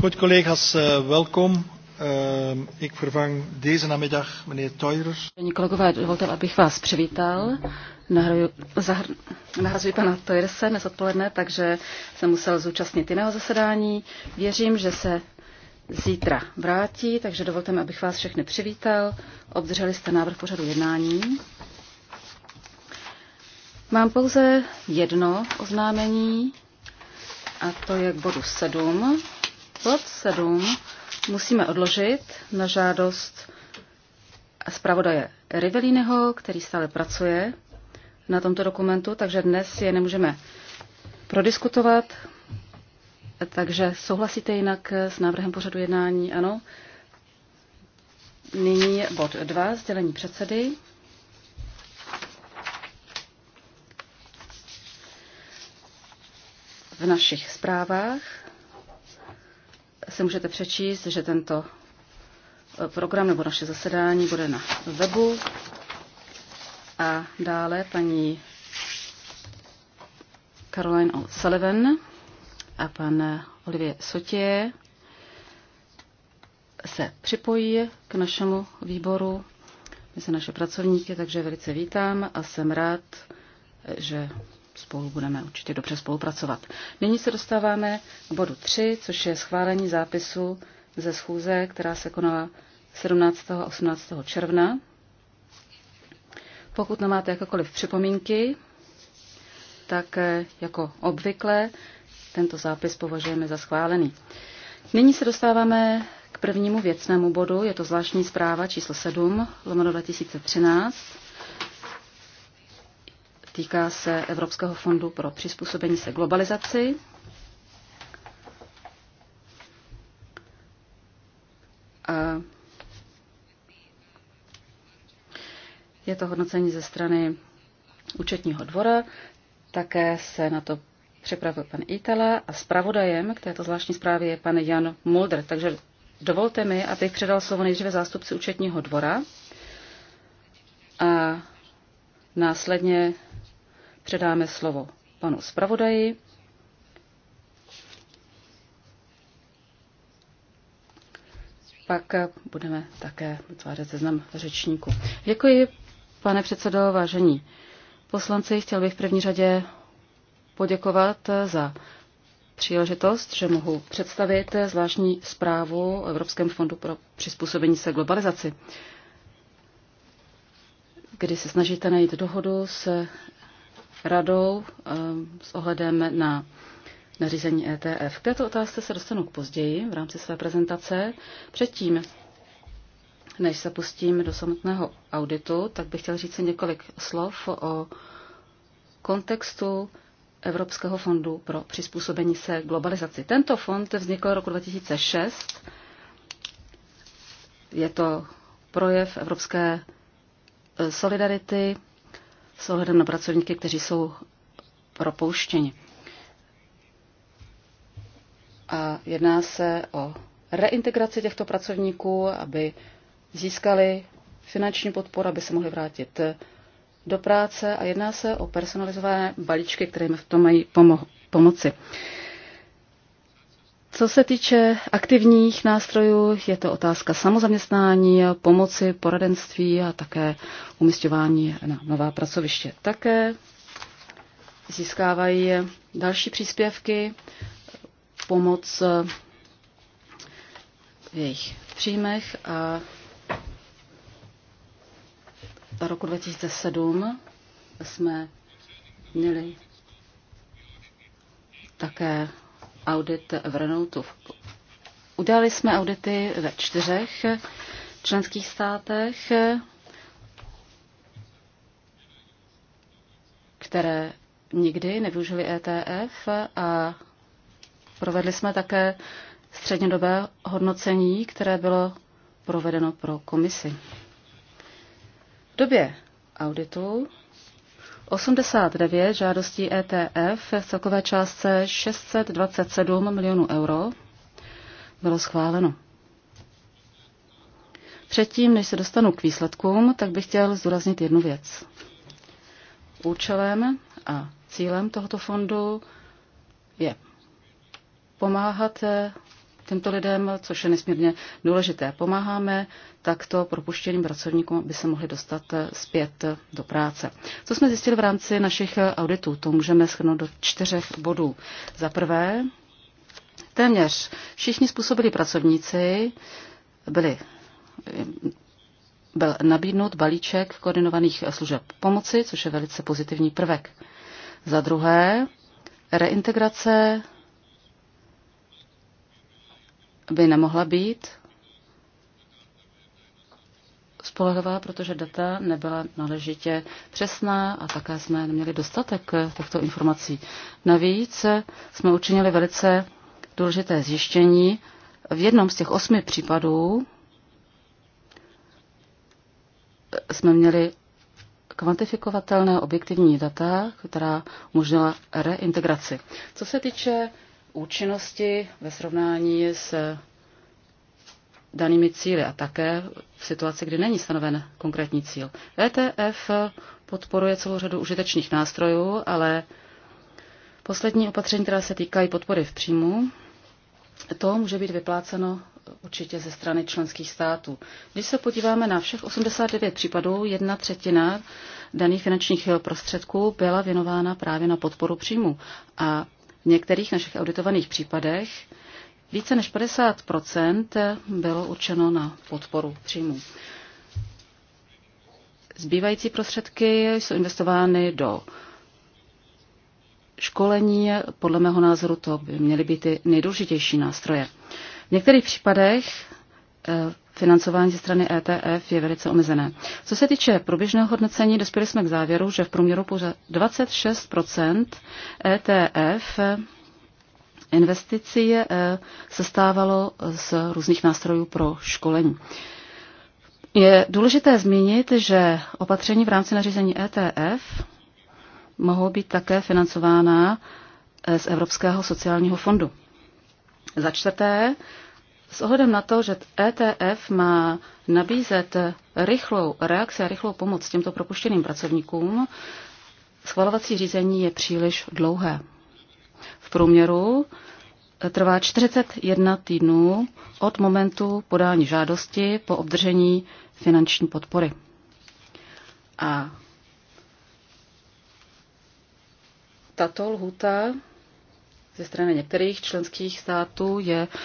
Goed, collega's, eh, welkom. Eh, ik vervang deze namiddag meneer Teurer. Kolegové, dovolte, abych vás přivítal. Nahrazuji pana Teuerse dnes odpoledne, takže jsem musel zúčastnit jiného zasedání. Věřím, že se zítra vrátí, takže dovolte mi, abych vás všechny přivítal. Obdrželi jste návrh pořadu jednání. Mám pouze jedno oznámení, a to je k bodu 7 Bod 7 musíme odložit na žádost zpravodaje Rivelínyho, který stále pracuje na tomto dokumentu, takže dnes je nemůžeme prodiskutovat. Takže souhlasíte jinak s návrhem pořadu jednání? Ano. Nyní bod 2, sdělení předsedy. V našich zprávách si můžete přečíst, že tento eh, program nebo naše zasedání bude na webu. A dále paní Caroline O'Sullivan a pan Olivier Sotě se připojí k našemu výboru mezi naše pracovníky, takže velice vítám a jsem rád, že spolu budeme určitě dobře spolupracovat. Nyní se dostáváme k bodu 3, což je schválení zápisu ze schůze, která se konala 17. a 18. června. Pokud nemáte jakékoliv připomínky, tak eh, jako obvykle tento zápis považujeme za schválený. Nyní se dostáváme k prvnímu věcnému bodu, je to zvláštní zpráva číslo 7, lomeno 2013 Týká se Evropského fondu pro přizpůsobení se globalizaci. A je to hodnocení ze strany účetního dvora. Také se na to připravil pan Itala a zpravodajem k této zvláštní zprávě je pan Jan Mulder. Takže dovolte mi, abych předal slovo nejdříve zástupci účetního dvora a Následně předáme slovo panu zpravodaji. Pak budeme také vytvářet seznam řečníků. Děkuji, pane předsedo, vážení poslanci. Chtěl bych v první řadě poděkovat za příležitost, že mohu představit zvláštní zprávu o Evropském fondu pro přizpůsobení se globalizaci kdy se snažíte najít dohodu s radou ehm, s ohledem na nařízení ETF. K této otázce se dostanu k později v rámci své prezentace. Předtím, než se pustím do samotného auditu, tak bych chtěl říct si několik slov o kontextu Evropského fondu pro přizpůsobení se globalizaci. Tento fond vznikl roku 2006. Je to projev Evropské solidarity s ohledem na pracovníky, kteří jsou propouštěni. A jedná se o reintegraci těchto pracovníků, aby získali finanční podporu, aby se mohli vrátit do práce a jedná se o personalizované balíčky, které jim v tom mají pomo- pomoci. Co se týče aktivních nástrojů, je to otázka samozaměstnání, pomoci, poradenství a také umistování na nová pracoviště. Také získávají další příspěvky, pomoc v jejich příjmech a roku 2007 jsme měli také audit v Renoutu. Udělali jsme audity ve čtyřech členských státech, které nikdy nevyužili ETF a provedli jsme také střednědobé hodnocení, které bylo provedeno pro komisi. V době auditu 89 žádostí ETF v celkové částce 627 milionů euro bylo schváleno. Předtím, než se dostanu k výsledkům, tak bych chtěl zdůraznit jednu věc. Účelem a cílem tohoto fondu je pomáhat těmto lidem, což je nesmírně důležité. Pomáháme takto propuštěným pracovníkům, aby se mohli dostat eh, zpět eh, do práce. Co jsme zjistili v rámci našich eh, auditů? To můžeme shrnout do čtyřech bodů. Za prvé, téměř všichni způsobili pracovníci byli byl nabídnut balíček koordinovaných služeb pomoci, což je velice pozitivní prvek. Za druhé, reintegrace by nemohla být spolehlivá, protože data nebyla náležitě přesná a také jsme neměli dostatek těchto informací. Navíc jsme učinili velice důležité zjištění. V jednom z těch osmi případů jsme měli kvantifikovatelné objektivní data, která umožnila reintegraci. Co se týče účinnosti ve srovnání s danými cíly a také v situaci, kdy není stanoven konkrétní cíl. ETF podporuje celou řadu užitečných nástrojů, ale poslední opatření, která se týkají podpory v příjmu, to může být vypláceno určitě ze strany členských států. Když se podíváme na všech 89 případů, jedna třetina daných finančních prostředků byla věnována právě na podporu příjmu. A v některých našich auditovaných případech více než 50 bylo určeno na podporu příjmů. Zbývající prostředky jsou investovány do školení. Podle mého názoru to by měly být ty nejdůležitější nástroje. V některých případech Eh, financování ze strany ETF je velice omezené. Co se týče průběžného hodnocení, dospěli jsme k závěru, že v průměru pouze 26 ETF investicí eh, se stávalo z různých nástrojů pro školení. Je důležité zmínit, že opatření v rámci nařízení ETF mohou být také financována eh, z Evropského sociálního fondu. Za čtvrté, s ohledem na to, že ETF má nabízet rychlou reakci a rychlou pomoc těmto propuštěným pracovníkům, schvalovací řízení je příliš dlouhé. V průměru trvá 41 týdnů od momentu podání žádosti po obdržení finanční podpory. A tato lhuta ze strany některých členských států je uh,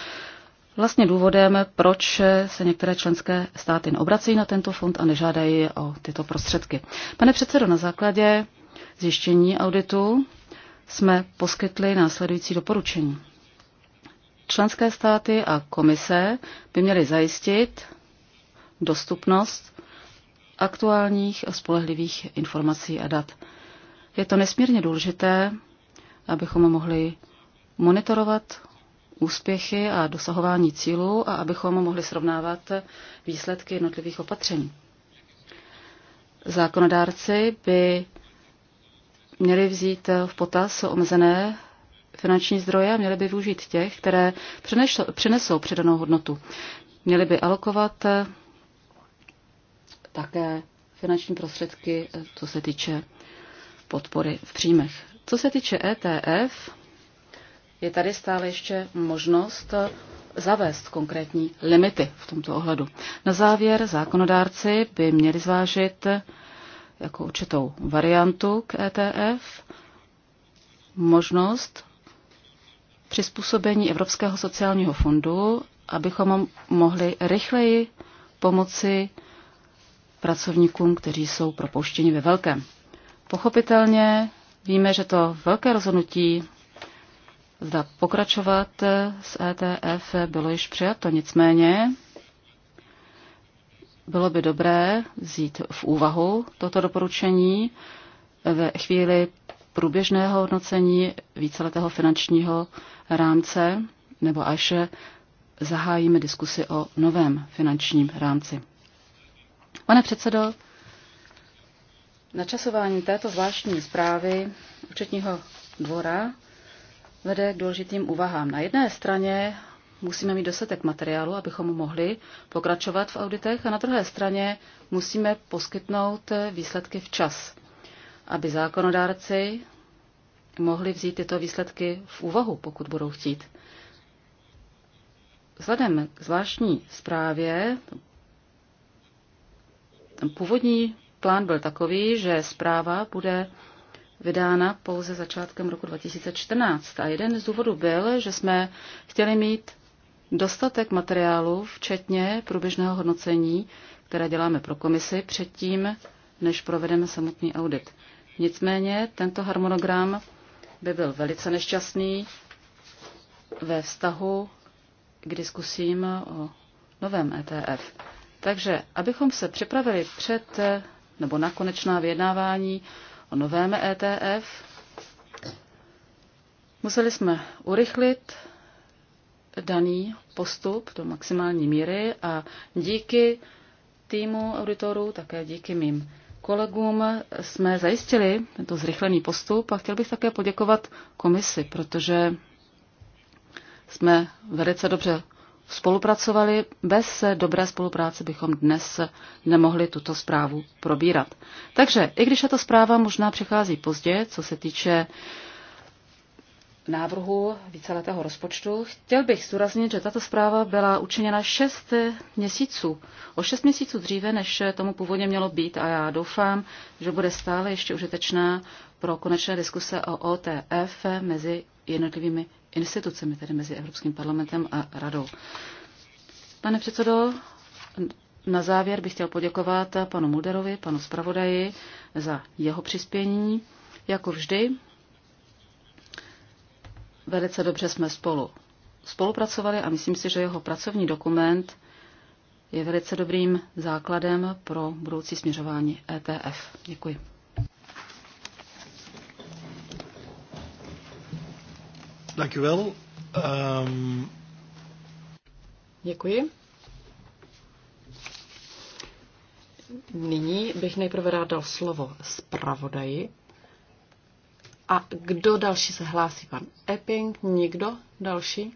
vlastně důvodem, proč se některé členské státy neobracejí na tento fond a nežádají o tyto prostředky. Pane předsedo, na základě zjištění auditu jsme poskytli následující doporučení. Členské státy a komise by měly zajistit dostupnost aktuálních a spolehlivých informací a dat. Je to nesmírně důležité, abychom mohli monitorovat úspěchy a dosahování cílů a abychom mohli srovnávat výsledky jednotlivých opatření. Zákonodárci by měli vzít v potaz omezené finanční zdroje a měli by využít těch, které přinesou přidanou hodnotu. Měli by alokovat také finanční prostředky, co se týče podpory v příjmech. Co se týče ETF, je tady stále ještě možnost zavést konkrétní limity v tomto ohledu. Na závěr zákonodárci by měli zvážit jako určitou variantu k ETF možnost přizpůsobení Evropského sociálního fondu, abychom mohli rychleji pomoci pracovníkům, kteří jsou propuštěni ve velkém. Pochopitelně víme, že to velké rozhodnutí zda pokračovat s ETF bylo již přijato. Nicméně bylo by dobré vzít v úvahu toto doporučení ve chvíli průběžného hodnocení víceletého finančního rámce nebo až zahájíme diskusi o novém finančním rámci. Pane předsedo, načasování této zvláštní zprávy účetního dvora vede k důležitým úvahám. Na jedné straně musíme mít dostatek materiálu, abychom mohli pokračovat v auditech a na druhé straně musíme poskytnout výsledky včas, aby zákonodárci mohli vzít tyto výsledky v úvahu, pokud budou chtít. Vzhledem k zvláštní zprávě, ten původní plán byl takový, že zpráva bude vydána pouze začátkem roku 2014. A jeden z důvodů byl, že jsme chtěli mít dostatek materiálu, včetně průběžného hodnocení, které děláme pro komisi, předtím, než provedeme samotný audit. Nicméně tento harmonogram by byl velice nešťastný ve vztahu k diskusím o novém ETF. Takže abychom se připravili před nebo na konečná vyjednávání, o novém ETF. Museli jsme urychlit daný postup do maximální míry a díky týmu auditorů, také díky mým kolegům jsme zajistili tento zrychlený postup a chtěl bych také poděkovat komisi, protože jsme velice dobře spolupracovali. Bez dobré spolupráce bychom dnes nemohli tuto zprávu probírat. Takže i když ta zpráva možná přichází pozdě, co se týče návrhu víceletého rozpočtu, chtěl bych zdůraznit, že tato zpráva byla učiněna šest měsíců, o šest měsíců dříve, než tomu původně mělo být a já doufám, že bude stále ještě užitečná pro konečné diskuse o OTF mezi jednotlivými institucemi, tedy mezi Evropským parlamentem a radou. Pane předsedo, na závěr bych chtěl poděkovat panu Mulderovi, panu zpravodaji za jeho přispění. Jako vždy, velice dobře jsme spolu spolupracovali a myslím si, že jeho pracovní dokument je velice dobrým základem pro budoucí směřování ETF. Děkuji. Dank u wel. Um... Děkuji. Nyní bych nejprve rád dal slovo zpravodaji. A kdo další se hlásí? Pan Epping? Nikdo další?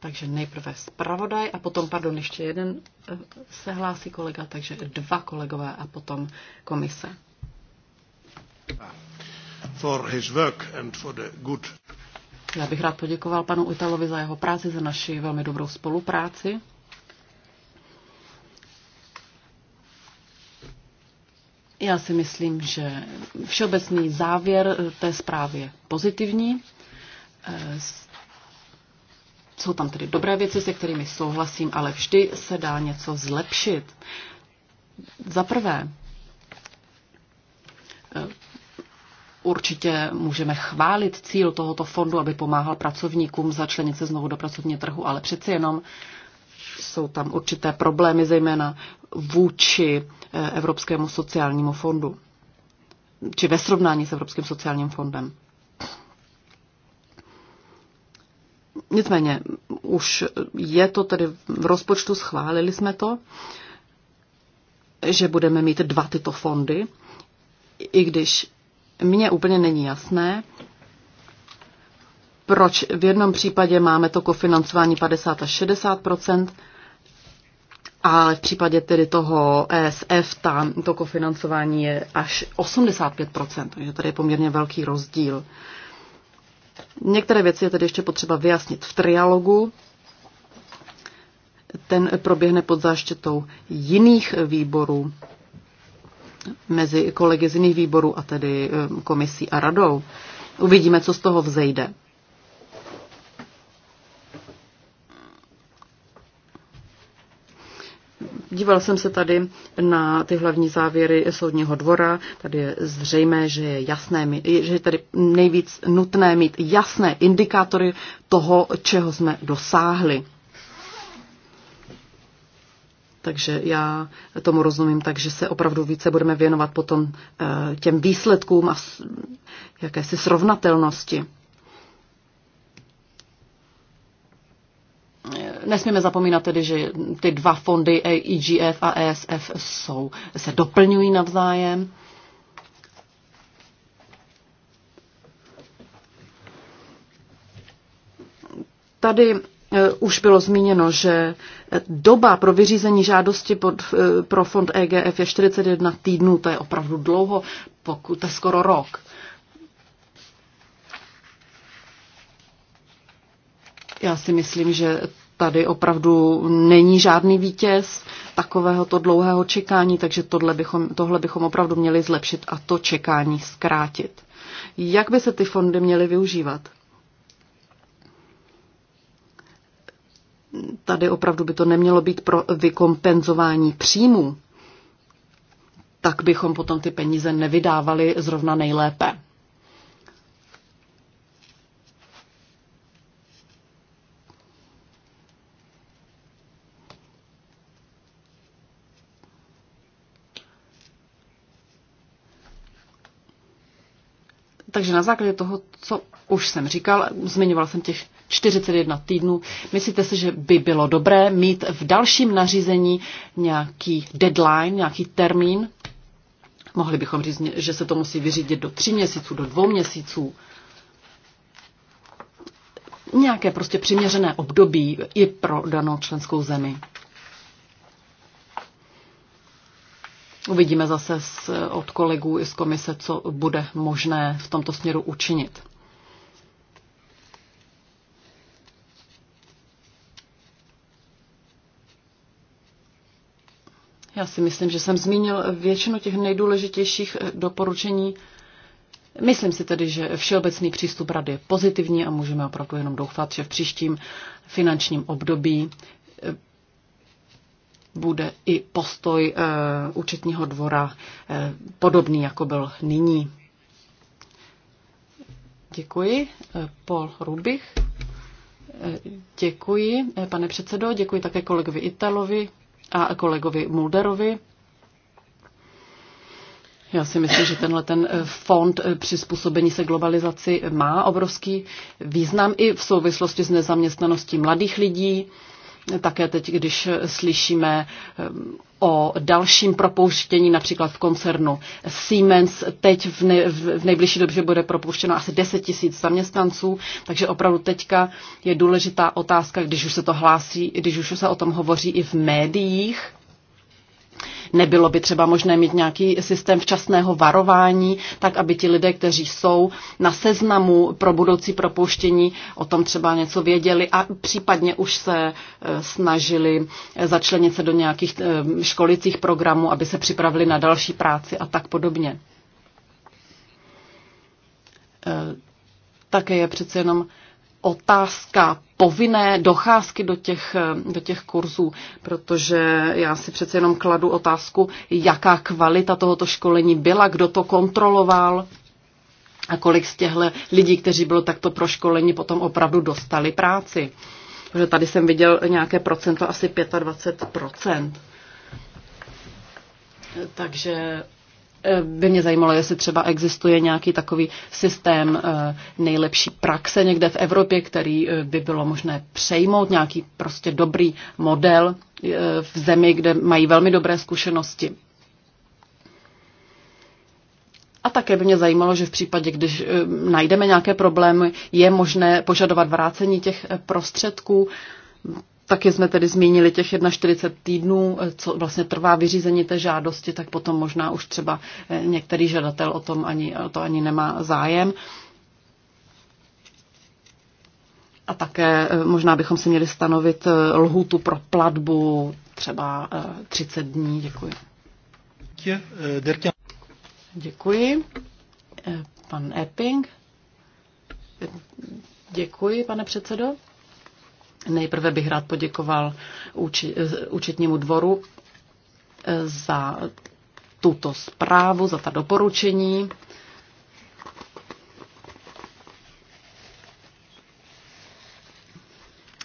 Takže nejprve zpravodaj a potom, pardon, ještě jeden eh, se hlásí kolega, takže dva kolegové a potom komise. Ah for his work and for the good. Já bych rád poděkoval panu Italovi za jeho práci, za naši velmi dobrou spolupráci. Já si myslím, že všeobecný závěr té zprávy je pozitivní. Eh, jsou tam tedy dobré věci, se kterými souhlasím, ale vždy se dá něco zlepšit. Za prvé, eh, Určitě můžeme chválit cíl tohoto fondu, aby pomáhal pracovníkům začlenit se znovu do pracovního trhu, ale přeci jenom jsou tam určité problémy, zejména vůči eh, Evropskému sociálnímu fondu, či ve srovnání s Evropským sociálním fondem. Nicméně, už je to tedy v rozpočtu, schválili jsme to, že budeme mít dva tyto fondy, i když mně úplně není jasné, proč v jednom případě máme to kofinancování 50 až 60 a v případě tedy toho ESF tam to kofinancování je až 85 takže tady je poměrně velký rozdíl. Některé věci je tedy ještě potřeba vyjasnit v trialogu. Ten proběhne pod záštětou jiných výborů mezi kolegy z jiných výborů a tedy eh, komisí a radou. Uvidíme, co z toho vzejde. Díval jsem se tady na ty hlavní závěry soudního dvora. Tady je zřejmé, že je jasné, že je tady nejvíc nutné mít jasné indikátory toho, čeho jsme dosáhli. Takže já tomu rozumím, takže se opravdu více budeme věnovat potom eh, těm výsledkům a jakési srovnatelnosti. Eh, nesmíme zapomínat tedy, že ty dva fondy EGF a ESF jsou, se doplňují navzájem. Tady Eh, už bylo zmíněno, že eh, doba pro vyřízení žádosti pod, eh, pro fond EGF je 41 týdnů, to je opravdu dlouho, pokud je skoro rok. Já si myslím, že tady opravdu není žádný vítěz to dlouhého čekání, takže tohle bychom, tohle bychom opravdu měli zlepšit a to čekání zkrátit. Jak by se ty fondy měly využívat? tady opravdu by to nemělo být pro vykompenzování příjmů, tak bychom potom ty peníze nevydávali zrovna nejlépe. Takže na základě toho, co už jsem říkal, zmiňoval jsem těch 41 týdnů, myslíte si, že by bylo dobré mít v dalším nařízení nějaký deadline, nějaký termín? Mohli bychom říct, že se to musí vyřídit do tří měsíců, do dvou měsíců. Nějaké prostě přiměřené období i pro danou členskou zemi. Uvidíme zase od kolegů i z komise, co bude možné v tomto směru učinit. Já si myslím, že jsem zmínil většinu těch nejdůležitějších eh, doporučení. Myslím si tedy, že všeobecný přístup rady je pozitivní a můžeme opravdu jenom doufat, že v příštím finančním období eh, bude i postoj e, účetního dvora e, podobný, jako byl nyní. Děkuji. Eh, Paul Rubich. Děkuji, pane předsedo. Děkuji také kolegovi Italovi a kolegovi Mulderovi. Já si myslím, že tenhle ten fond přizpůsobení se globalizaci má obrovský význam i v souvislosti s nezaměstnaností mladých lidí také teď, když slyšíme eh, o dalším propouštění například v koncernu Siemens. Teď v, nej, v nejbližší době bude propouštěno asi 10 tisíc zaměstnanců, takže opravdu teďka je důležitá otázka, když už se to hlásí, když už se o tom hovoří i v médiích, Nebylo by třeba možné mít nějaký systém včasného varování, tak aby ti lidé, kteří jsou na seznamu pro budoucí propuštění, o tom třeba něco věděli a případně už se e, snažili začlenit se do nějakých e, školicích programů, aby se připravili na další práci a tak podobně. E, také je přece jenom otázka povinné docházky do těch, do těch kurzů, protože já si přece jenom kladu otázku, jaká kvalita tohoto školení byla, kdo to kontroloval a kolik z těchto lidí, kteří bylo takto školení, potom opravdu dostali práci. Protože tady jsem viděl nějaké procento, asi 25%. Takže by mě zajímalo, jestli třeba existuje nějaký takový systém eh, nejlepší praxe někde v Evropě, který eh, by bylo možné přejmout, nějaký prostě dobrý model eh, v zemi, kde mají velmi dobré zkušenosti. A také by mě zajímalo, že v případě, když najdeme nějaké problémy, je možné požadovat vrácení těch prostředků Taky jsme tedy zmínili těch 41 týdnů, co vlastně trvá vyřízení té žádosti, tak potom možná už třeba eh, některý žadatel o, tom ani, o to ani nemá zájem. A také eh, možná bychom si měli stanovit eh, lhůtu pro platbu třeba 30 dní. Děkuji. Děkuji. Pan Epping. Děkuji, pane předsedo. Nejprve bych rád poděkoval účetnímu dvoru eh, za tuto zprávu, za ta doporučení.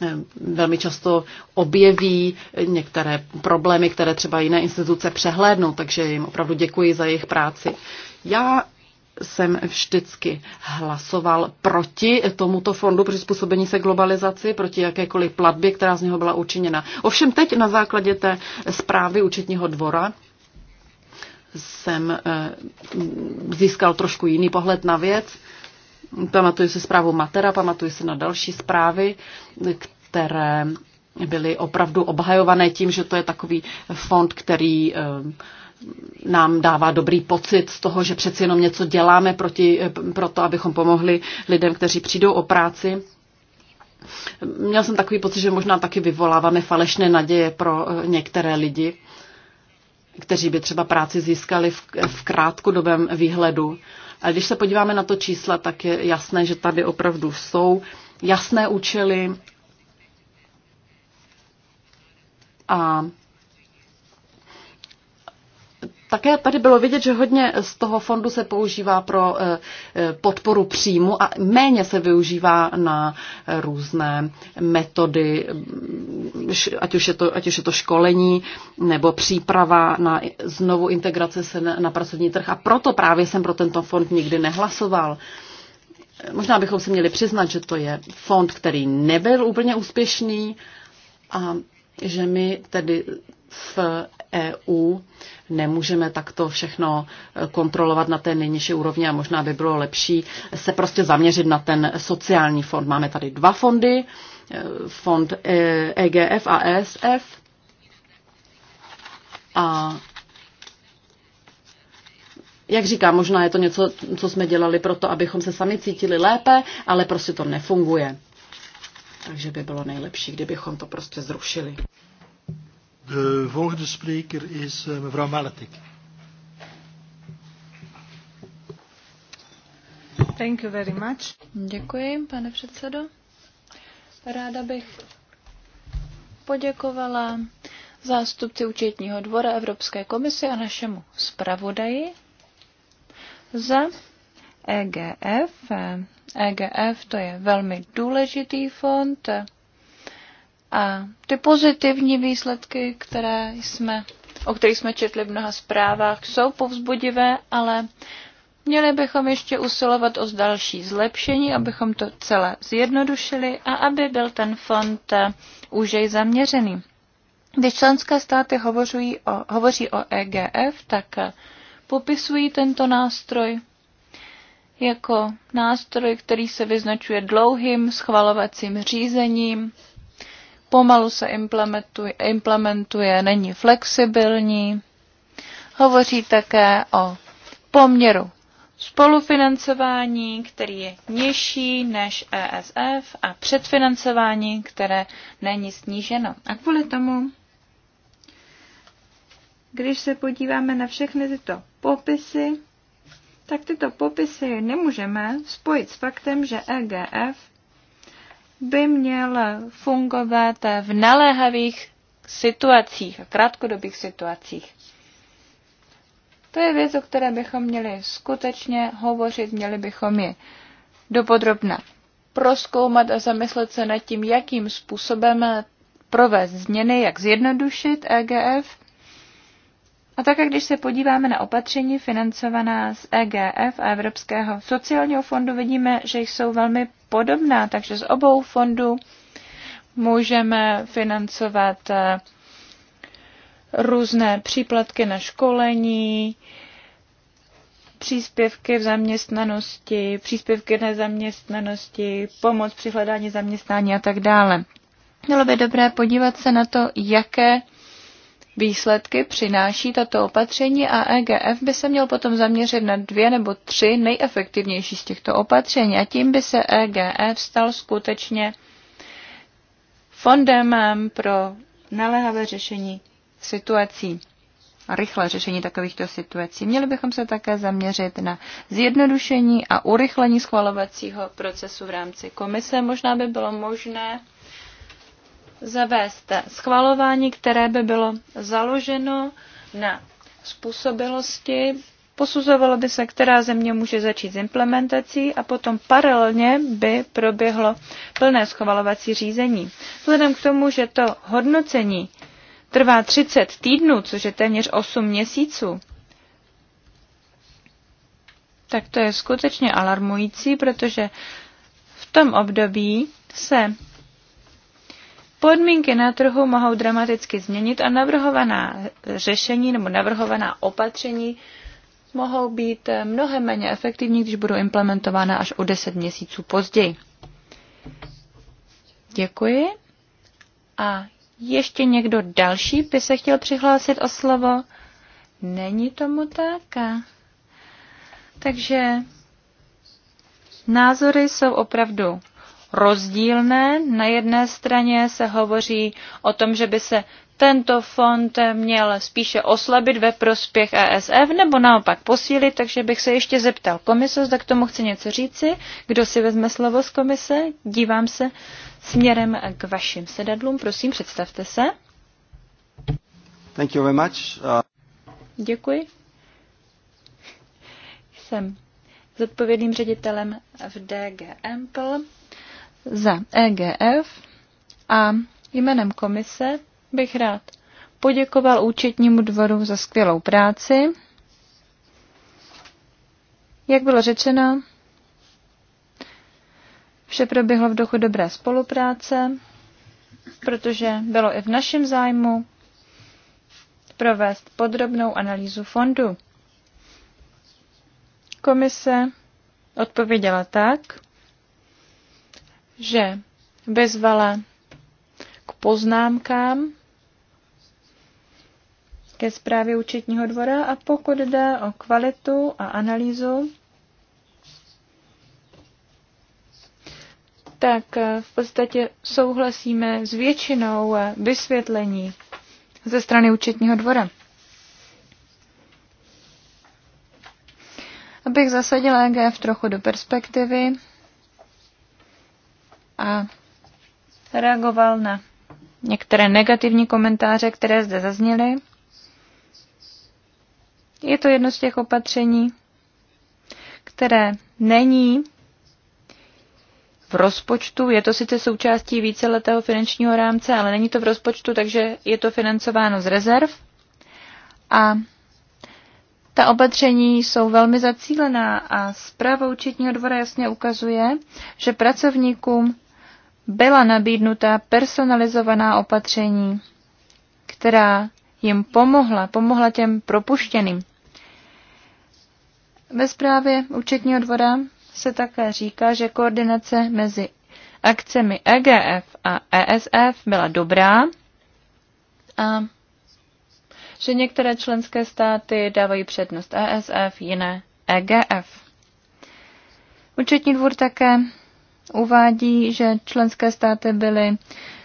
Eh, velmi často objeví některé problémy, které třeba jiné instituce přehlédnou, takže jim opravdu děkuji za jejich práci. Já jsem vždycky hlasoval proti tomuto fondu přizpůsobení se globalizaci, proti jakékoliv platbě, která z něho byla učiněna. Ovšem teď na základě té zprávy účetního dvora jsem eh, získal trošku jiný pohled na věc. Pamatuju si zprávu Matera, pamatuju si na další zprávy, které byly opravdu obhajované tím, že to je takový fond, který eh, nám dává dobrý pocit z toho, že přeci jenom něco děláme proti, to, abychom pomohli lidem, kteří přijdou o práci. Měl jsem takový pocit, že možná taky vyvoláváme falešné naděje pro eh, některé lidi, kteří by třeba práci získali v, v krátkodobém výhledu. A když se podíváme na to čísla, tak je jasné, že tady opravdu jsou jasné účely a také tady bylo vidět, že hodně z toho fondu se používá pro eh, eh, podporu příjmu a méně se využívá na různé metody, mm, ať už je to, ať už je to školení nebo příprava na znovu integrace se na pracovní trh. A proto právě jsem pro tento fond nikdy nehlasoval. Možná bychom si měli přiznat, že to je fond, který nebyl úplně úspěšný a že my tedy v EU nemůžeme takto všechno eh, kontrolovat na té nejnižší úrovni a možná by bylo lepší se prostě zaměřit na ten sociální fond. Máme tady dva fondy, eh, fond EGF eh, e a ESF a jak říkám, možná je to něco, co jsme dělali proto, abychom se sami cítili lépe, ale prostě to nefunguje. Takže by bylo nejlepší, kdybychom to prostě zrušili. De volgende spreker is uh, mevrouw Maletik. Thank you very much. Děkuji, pane předsedo. Ráda bych poděkovala zástupci účetního dvora Evropské komise a našemu zpravodaji za EGF. EGF to je velmi důležitý fond a ty pozitivní výsledky, které jsme, o kterých jsme četli v mnoha zprávách, jsou povzbudivé, ale měli bychom ještě usilovat o další zlepšení, abychom to celé zjednodušili a aby byl ten fond eh, užej zaměřený. Když členské státy hovoří o, hovoří o EGF, tak eh, popisují tento nástroj jako nástroj, který se vyznačuje dlouhým schvalovacím řízením, pomalu se implementuje, implementuje není flexibilní. Hovoří také o poměru spolufinancování, který je nižší než ESF a předfinancování, které není sníženo. A kvůli tomu, když se podíváme na všechny tyto popisy, tak tyto popisy nemůžeme spojit s faktem, že EGF by měl fungovat v naléhavých situacích a krátkodobých situacích. To je věc, o které bychom měli skutečně hovořit, měli bychom ji dopodrobna proskoumat a zamyslet se nad tím, jakým způsobem provést změny, jak zjednodušit EGF. A také když se podíváme na opatření financovaná z EGF a Evropského sociálního fondu, vidíme, že jsou velmi podobná, takže z obou fondů můžeme financovat eh, různé příplatky na školení, příspěvky v zaměstnanosti, příspěvky na nezaměstnanosti, pomoc při hledání zaměstnání a tak dále. Bylo by dobré podívat se na to, jaké výsledky přináší tato opatření a EGF by se měl potom zaměřit na dvě nebo tři nejefektivnější z těchto opatření a tím by se EGF stal skutečně fondem ehm, pro naléhavé řešení situací a rychlé řešení takovýchto situací. Měli bychom se také zaměřit na zjednodušení a urychlení schvalovacího procesu v rámci komise. Možná by bylo možné zavést schvalování, které by bylo založeno na způsobilosti. Posuzovalo by se, která země může začít s implementací a potom paralelně by proběhlo plné schvalovací řízení. Vzhledem k tomu, že to hodnocení trvá 30 týdnů, což je téměř 8 měsíců, tak to je skutečně alarmující, protože v tom období se Podmínky na trhu mohou dramaticky změnit a navrhovaná řešení nebo navrhovaná opatření mohou být mnohem méně efektivní, když budou implementována až o 10 měsíců později. Děkuji. A ještě někdo další by se chtěl přihlásit o slovo? Není tomu tak. Takže názory jsou opravdu rozdílné. Na jedné straně se hovoří o tom, že by se tento fond měl spíše oslabit ve prospěch ESF nebo naopak posílit, takže bych se ještě zeptal komise, zda k tomu chce něco říci. Kdo si vezme slovo z komise? Dívám se směrem k vašim sedadlům. Prosím, představte se. Thank you very much. Uh... Děkuji. Jsem zodpovědným ředitelem v DG Ample za EGF a jménem komise bych rád poděkoval účetnímu dvoru za skvělou práci. Jak bylo řečeno, vše proběhlo v duchu dobré spolupráce, protože bylo i v našem zájmu provést podrobnou analýzu fondu. Komise odpověděla tak, že vezvala k poznámkám ke zprávě účetního dvora a pokud jde o kvalitu a analýzu, tak eh, v podstatě souhlasíme s většinou eh, vysvětlení ze strany účetního dvora. Abych zasadila EGF trochu do perspektivy, reagoval na některé negativní komentáře, které zde zazněly. Je to jedno z těch opatření, které není v rozpočtu. Je to sice součástí víceletého finančního rámce, ale není to v rozpočtu, takže je to financováno z rezerv. A ta opatření jsou velmi zacílená a zpráva účetního dvora jasně ukazuje, že pracovníkům byla nabídnuta personalizovaná opatření, která jim pomohla, pomohla těm propuštěným. Ve zprávě účetního dvora se také říká, že koordinace mezi akcemi EGF a ESF byla dobrá a že některé členské státy dávají přednost ESF, jiné EGF. Účetní dvůr také uvádí, že členské státy byly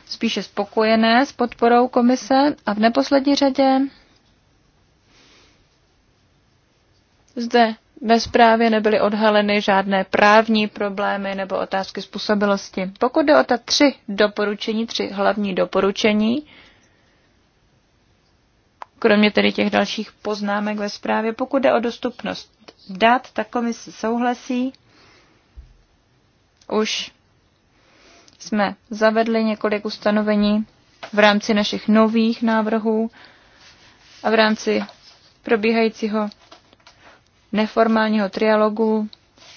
spíše spokojené s podporou komise a v neposlední řadě zde ve zprávě nebyly odhaleny žádné právní problémy nebo otázky způsobilosti. Pokud jde o ta tři doporučení, tři hlavní doporučení, kromě tedy těch dalších poznámek ve zprávě, pokud jde o dostupnost dat, tak komise souhlasí už jsme zavedli několik ustanovení v rámci našich nových návrhů a v rámci probíhajícího neformálního trialogu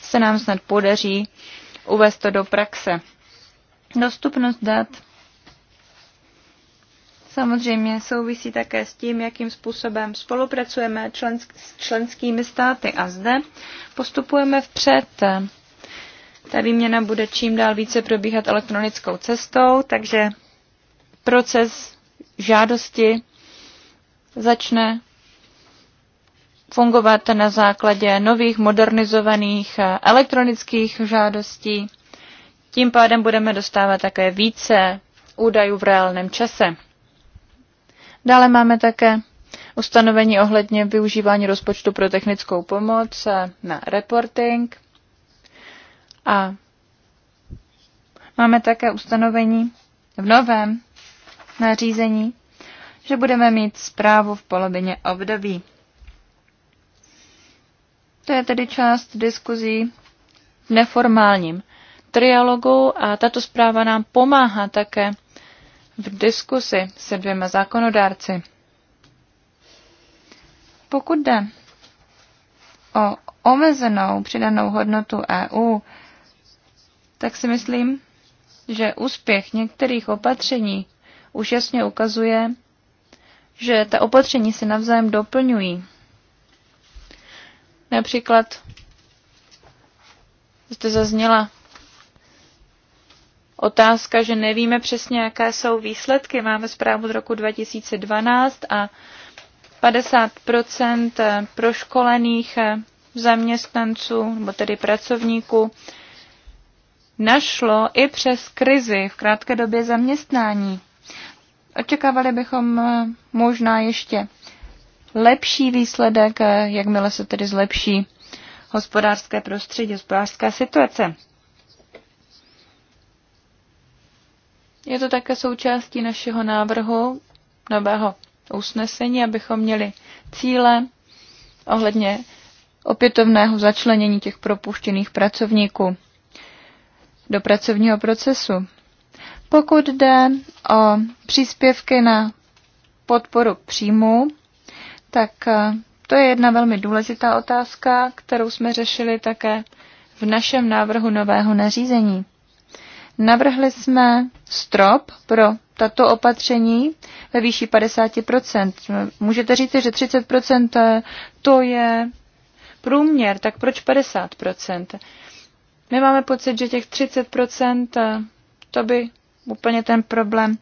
se nám snad podaří uvést to do praxe. Dostupnost dat samozřejmě souvisí také s tím, jakým způsobem spolupracujeme člensk- s členskými státy a zde postupujeme vpřed ta výměna bude čím dál více probíhat elektronickou cestou, takže proces žádosti začne fungovat na základě nových modernizovaných elektronických žádostí. Tím pádem budeme dostávat také více údajů v reálném čase. Dále máme také ustanovení ohledně využívání rozpočtu pro technickou pomoc na reporting – a máme také ustanovení v novém nařízení, že budeme mít zprávu v polovině období. To je tedy část diskuzí v neformálním trialogu a tato zpráva nám pomáhá také v diskusi se dvěma zákonodárci. Pokud jde o omezenou přidanou hodnotu EU, tak si myslím, že úspěch některých opatření už jasně ukazuje, že ta opatření se navzájem doplňují. Například zde zazněla otázka, že nevíme přesně, jaké jsou výsledky. Máme zprávu z roku 2012 a 50 proškolených zaměstnanců, nebo tedy pracovníků, našlo i přes krizi v krátké době zaměstnání. Očekávali bychom eh, možná ještě lepší výsledek, eh, jakmile se tedy zlepší hospodářské prostředí, hospodářská situace. Je to také součástí našeho návrhu nového usnesení, abychom měli cíle ohledně opětovného začlenění těch propuštěných pracovníků do pracovního procesu. Pokud jde o příspěvky na podporu příjmu, tak eh, to je jedna velmi důležitá otázka, kterou jsme řešili také v našem návrhu nového nařízení. Navrhli jsme strop pro tato opatření ve výši 50%. Můžete říct, že 30% eh, to je průměr, tak proč 50%? My máme pocit, že těch 30% eh, to by úplně ten problém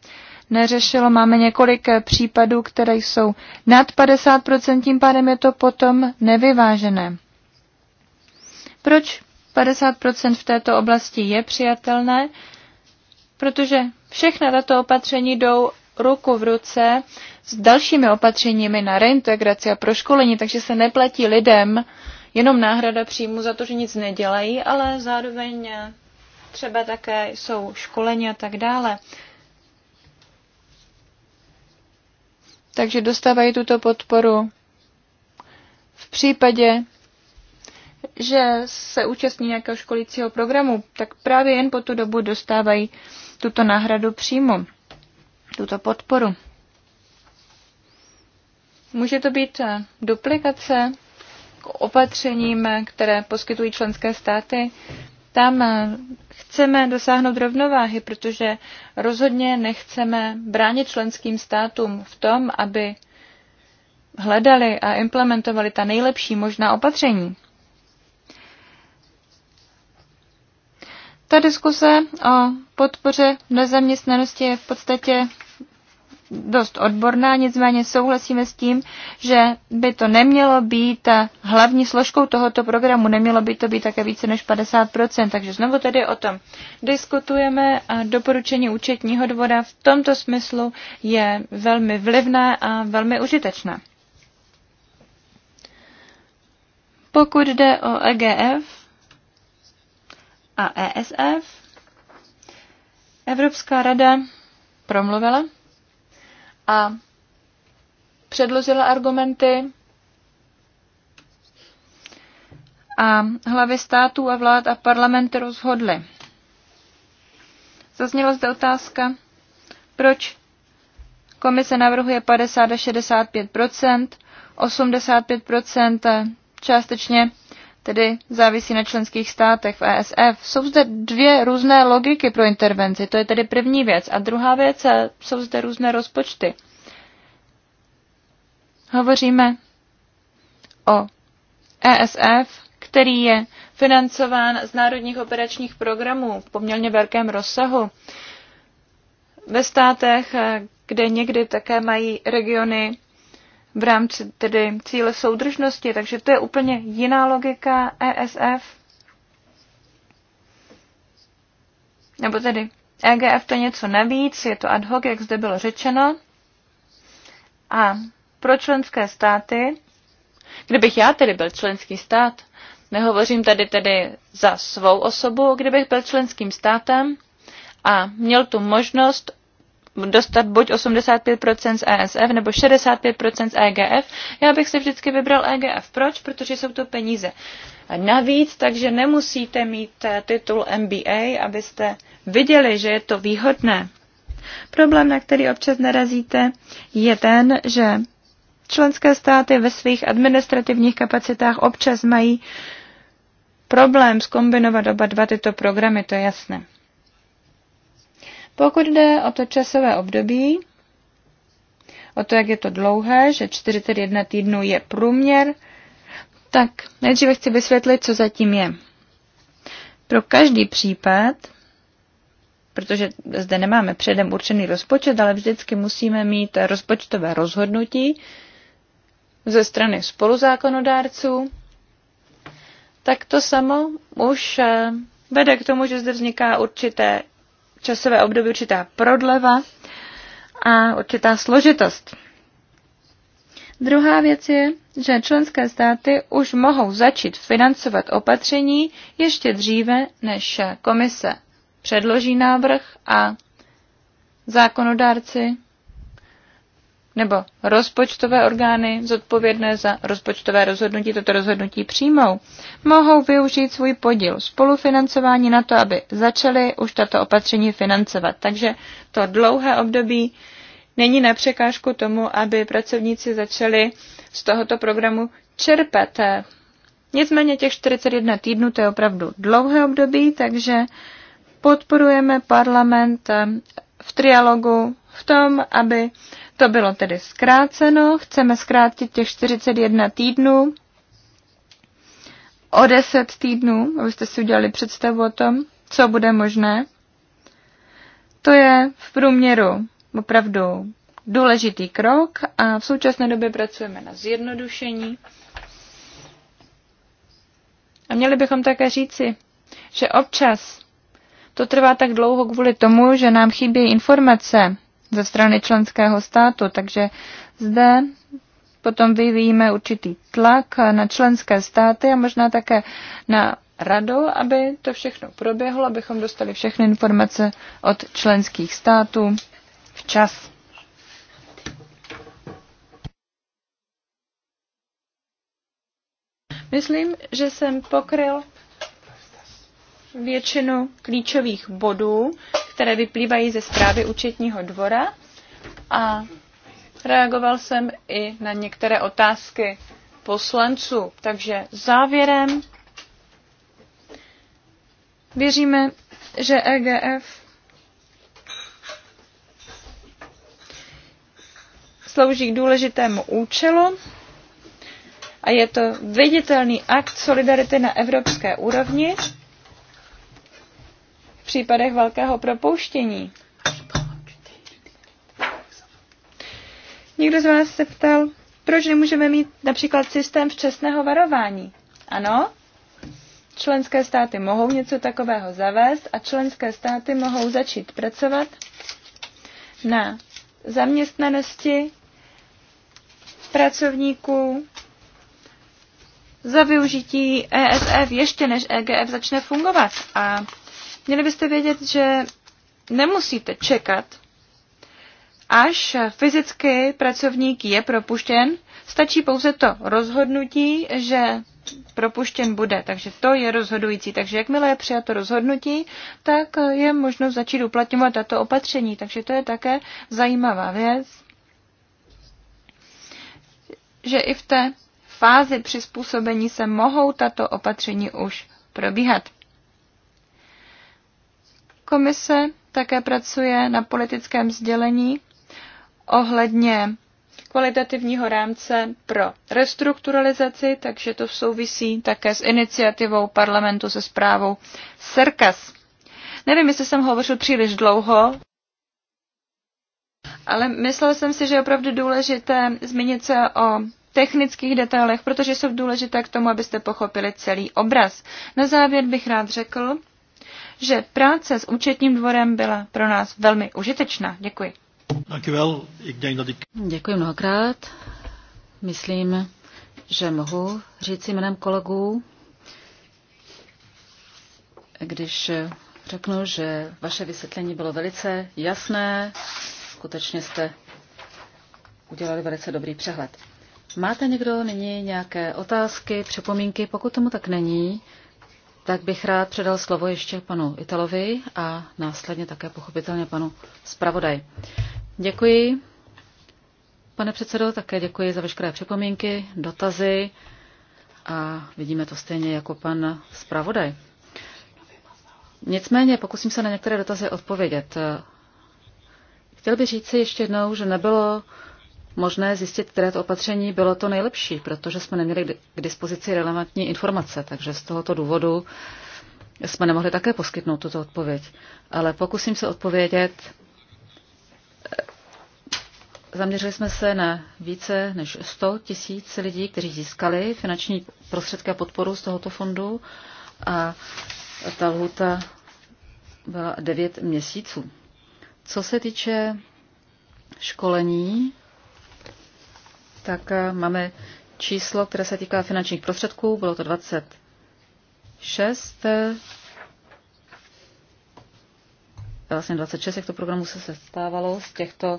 neřešilo. Máme několik eh, případů, které jsou nad 50%, tím pádem je to potom nevyvážené. Proč 50% v této oblasti je přijatelné? Protože všechna tato opatření jdou ruku v ruce s dalšími opatřeními na reintegraci a proškolení, takže se neplatí lidem, jenom náhrada příjmu za to, že nic nedělají, ale zároveň třeba také jsou školeni a tak dále. Takže dostávají tuto podporu v případě, že se účastní nějakého školícího programu, tak právě jen po tu dobu dostávají tuto náhradu příjmu, tuto podporu. Může to být duplikace k opatřením, které poskytují členské státy, tam chceme dosáhnout rovnováhy, protože rozhodně nechceme bránit členským státům v tom, aby hledali a implementovali ta nejlepší možná opatření. Ta diskuse o podpoře nezaměstnanosti je v podstatě dost odborná, nicméně souhlasíme s tím, že by to nemělo být a hlavní složkou tohoto programu, nemělo by to být také více než 50%, takže znovu tedy o tom diskutujeme a doporučení účetního dvora v tomto smyslu je velmi vlivné a velmi užitečné. Pokud jde o EGF a ESF, Evropská rada promluvila a předložila argumenty a hlavy států a vlád a parlamenty rozhodly. Zazněla zde otázka, proč komise navrhuje 50 až 65 85 částečně tedy závisí na členských státech v ESF. Jsou zde dvě různé logiky pro intervenci, to je tedy první věc. A druhá věc, jsou zde různé rozpočty. Hovoříme o ESF, který je financován z národních operačních programů v poměrně velkém rozsahu. Ve státech, kde někdy také mají regiony v rámci tedy cíle soudržnosti, takže to je úplně jiná logika ESF. Nebo tedy EGF to je něco navíc, je to ad hoc, jak zde bylo řečeno. A pro členské státy, kdybych já tedy byl členský stát, nehovořím tady tedy za svou osobu, kdybych byl členským státem a měl tu možnost dostat buď 85% z ESF nebo 65% z EGF. Já bych si vždycky vybral EGF. Proč? Protože jsou to peníze. A navíc, takže nemusíte mít eh, titul MBA, abyste viděli, že je to výhodné. Problém, na který občas narazíte, je ten, že členské státy ve svých administrativních kapacitách občas mají problém skombinovat oba dva tyto programy, to je jasné. Pokud jde o to časové období, o to, jak je to dlouhé, že 41 týdnů je průměr, tak nejdříve chci vysvětlit, co zatím je. Pro každý případ, protože zde nemáme předem určený rozpočet, ale vždycky musíme mít rozpočtové rozhodnutí ze strany spoluzákonodárců, tak to samo už eh, vede k tomu, že zde vzniká určité časové období určitá prodleva a určitá složitost. Druhá věc je, že členské státy už mohou začít financovat opatření ještě dříve, než komise předloží návrh a zákonodárci nebo rozpočtové orgány zodpovědné za rozpočtové rozhodnutí toto rozhodnutí přijmou, mohou využít svůj podíl spolufinancování na to, aby začaly už tato opatření financovat. Takže to dlouhé období není na překážku tomu, aby pracovníci začali z tohoto programu čerpat. Nicméně těch 41 týdnů to je opravdu dlouhé období, takže podporujeme parlament v trialogu v tom, aby to bylo tedy zkráceno. Chceme zkrátit těch 41 týdnů o 10 týdnů, abyste si udělali představu o tom, co bude možné. To je v průměru opravdu důležitý krok a v současné době pracujeme na zjednodušení. A měli bychom také říci, že občas to trvá tak dlouho kvůli tomu, že nám chybí informace ze strany členského státu. Takže zde potom vyvíjíme určitý tlak na členské státy a možná také na radu, aby to všechno proběhlo, abychom dostali všechny informace od členských států včas. Myslím, že jsem pokryl většinu klíčových bodů, které vyplývají ze zprávy účetního dvora a reagoval jsem i na některé otázky poslanců. Takže závěrem věříme, že EGF slouží k důležitému účelu a je to viditelný akt solidarity na evropské úrovni případech velkého propouštění. Někdo z vás se ptal, proč nemůžeme mít například systém včasného varování? Ano, členské státy mohou něco takového zavést a členské státy mohou začít pracovat na zaměstnanosti pracovníků za využití ESF ještě než EGF začne fungovat. A Měli byste vědět, že nemusíte čekat, až fyzicky pracovník je propuštěn. Stačí pouze to rozhodnutí, že propuštěn bude. Takže to je rozhodující. Takže jakmile je přijato rozhodnutí, tak je možno začít uplatňovat tato opatření. Takže to je také zajímavá věc, že i v té fázi přizpůsobení se mohou tato opatření už probíhat. Komise také pracuje na politickém sdělení ohledně kvalitativního rámce pro restrukturalizaci, takže to souvisí také s iniciativou parlamentu se zprávou Serkas. Nevím, jestli jsem hovořil příliš dlouho, ale myslel jsem si, že je opravdu důležité zmínit se o technických detailech, protože jsou důležité k tomu, abyste pochopili celý obraz. Na závěr bych rád řekl, že práce s účetním dvorem byla pro nás velmi užitečná. Děkuji. Děkuji mnohokrát. Myslím, že mohu si jménem kolegů, když řeknu, že vaše vysvětlení bylo velice jasné, skutečně jste udělali velice dobrý přehled. Máte někdo nyní nějaké otázky, připomínky? Pokud tomu tak není, tak bych rád předal slovo ještě panu Italovi a následně také pochopitelně panu zpravodaj. Děkuji. Pane předsedo, také děkuji za veškeré připomínky, dotazy a vidíme to stejně jako pan zpravodaj. Nicméně pokusím se na některé dotazy odpovědět. Chtěl bych si ještě jednou, že nebylo možné zjistit, které to opatření bylo to nejlepší, protože jsme neměli k dispozici relevantní informace, takže z tohoto důvodu jsme nemohli také poskytnout tuto odpověď. Ale pokusím se odpovědět. Eh, zaměřili jsme se na více než 100 tisíc lidí, kteří získali finanční prostředky a podporu z tohoto fondu a ta lhuta byla 9 měsíců. Co se týče školení tak eh, máme číslo, které se týká finančních prostředků, bylo to 26. Eh, vlastně 26, jak to programu se sestávalo z těchto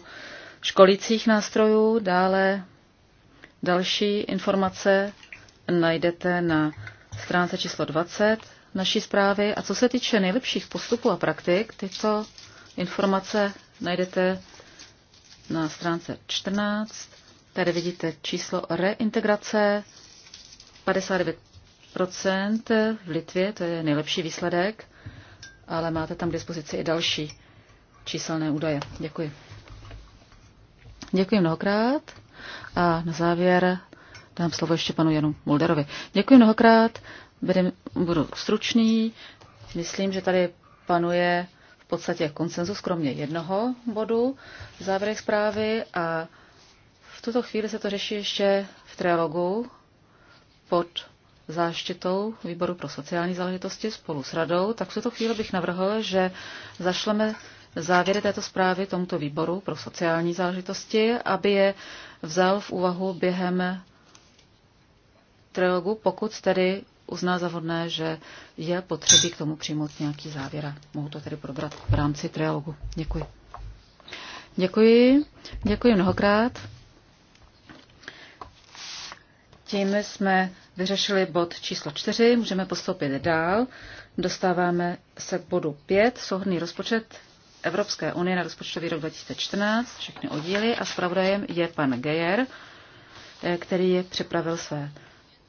školících nástrojů. Dále další informace najdete na stránce číslo 20 naší zprávy. A co se týče nejlepších postupů a praktik, tyto informace najdete na stránce 14 Tady vidíte číslo reintegrace 59% v Litvě, to je nejlepší výsledek, ale máte tam k dispozici i další číselné údaje. Děkuji. Děkuji mnohokrát a na závěr dám slovo ještě panu Janu Mulderovi. Děkuji mnohokrát, budu stručný. Myslím, že tady panuje v podstatě konsenzus kromě jednoho bodu v závěrech zprávy a v tuto chvíli se to řeší ještě v trialogu pod záštitou Výboru pro sociální záležitosti spolu s radou, tak v tuto chvíli bych navrhl, že zašleme závěry této zprávy tomuto výboru pro sociální záležitosti, aby je vzal v úvahu během trialogu, pokud tedy uzná za že je potřeba k tomu přijmout nějaký závěr. Mohu to tedy probrat v rámci trialogu. Děkuji. Děkuji. Děkuji mnohokrát. Tím jsme vyřešili bod číslo čtyři. můžeme postoupit dál. Dostáváme se k bodu pět. souhrný rozpočet Evropské unie na rozpočtový rok 2014, všechny oddíly a zpravodajem je pan Geyer, eh, který připravil své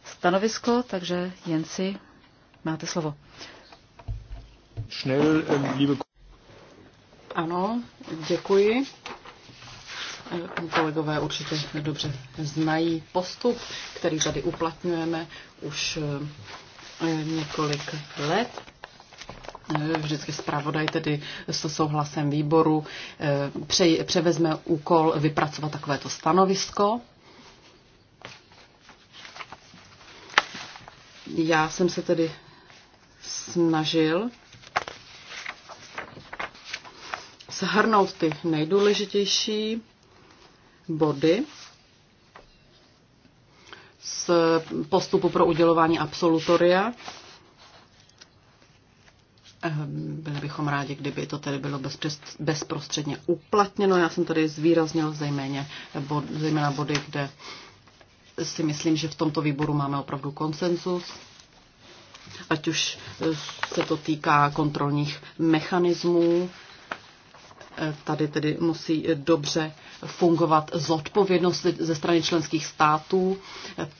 stanovisko, takže Jenci, máte slovo. Schnell, eh, liebe... Ano, děkuji. Kolegové určitě dobře znají postup, který tady uplatňujeme už eh, několik let. Eh, vždycky zpravodaj tedy s souhlasem výboru eh, převezme úkol vypracovat takovéto stanovisko. Já jsem se tedy snažil shrnout ty nejdůležitější body z postupu pro udělování absolutoria. Ehm, byli bychom rádi, kdyby to tedy bylo bezprostředně uplatněno. Já jsem tady zvýraznil zejména, zejména body, kde si myslím, že v tomto výboru máme opravdu konsenzus. Ať už eh, se to týká kontrolních mechanismů, Tady tedy musí dobře fungovat zodpovědnost ze strany členských států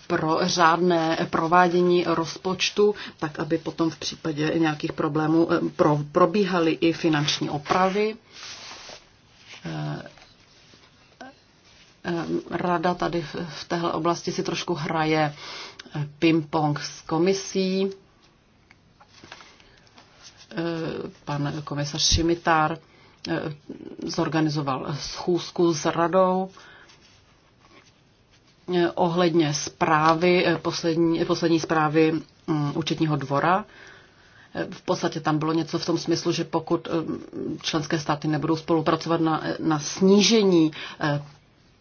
pro řádné provádění rozpočtu, tak aby potom v případě nějakých problémů eh, probíhaly i finanční opravy. Eh, eh, rada tady v téhle oblasti si trošku hraje ping-pong s komisí. Pan komisař Šimitár Eh, zorganizoval schůzku s radou eh, ohledně zprávy, eh, poslední, poslední zprávy mm, účetního dvora. V podstatě tam bylo něco v tom smyslu, že pokud členské státy nebudou spolupracovat na, na snížení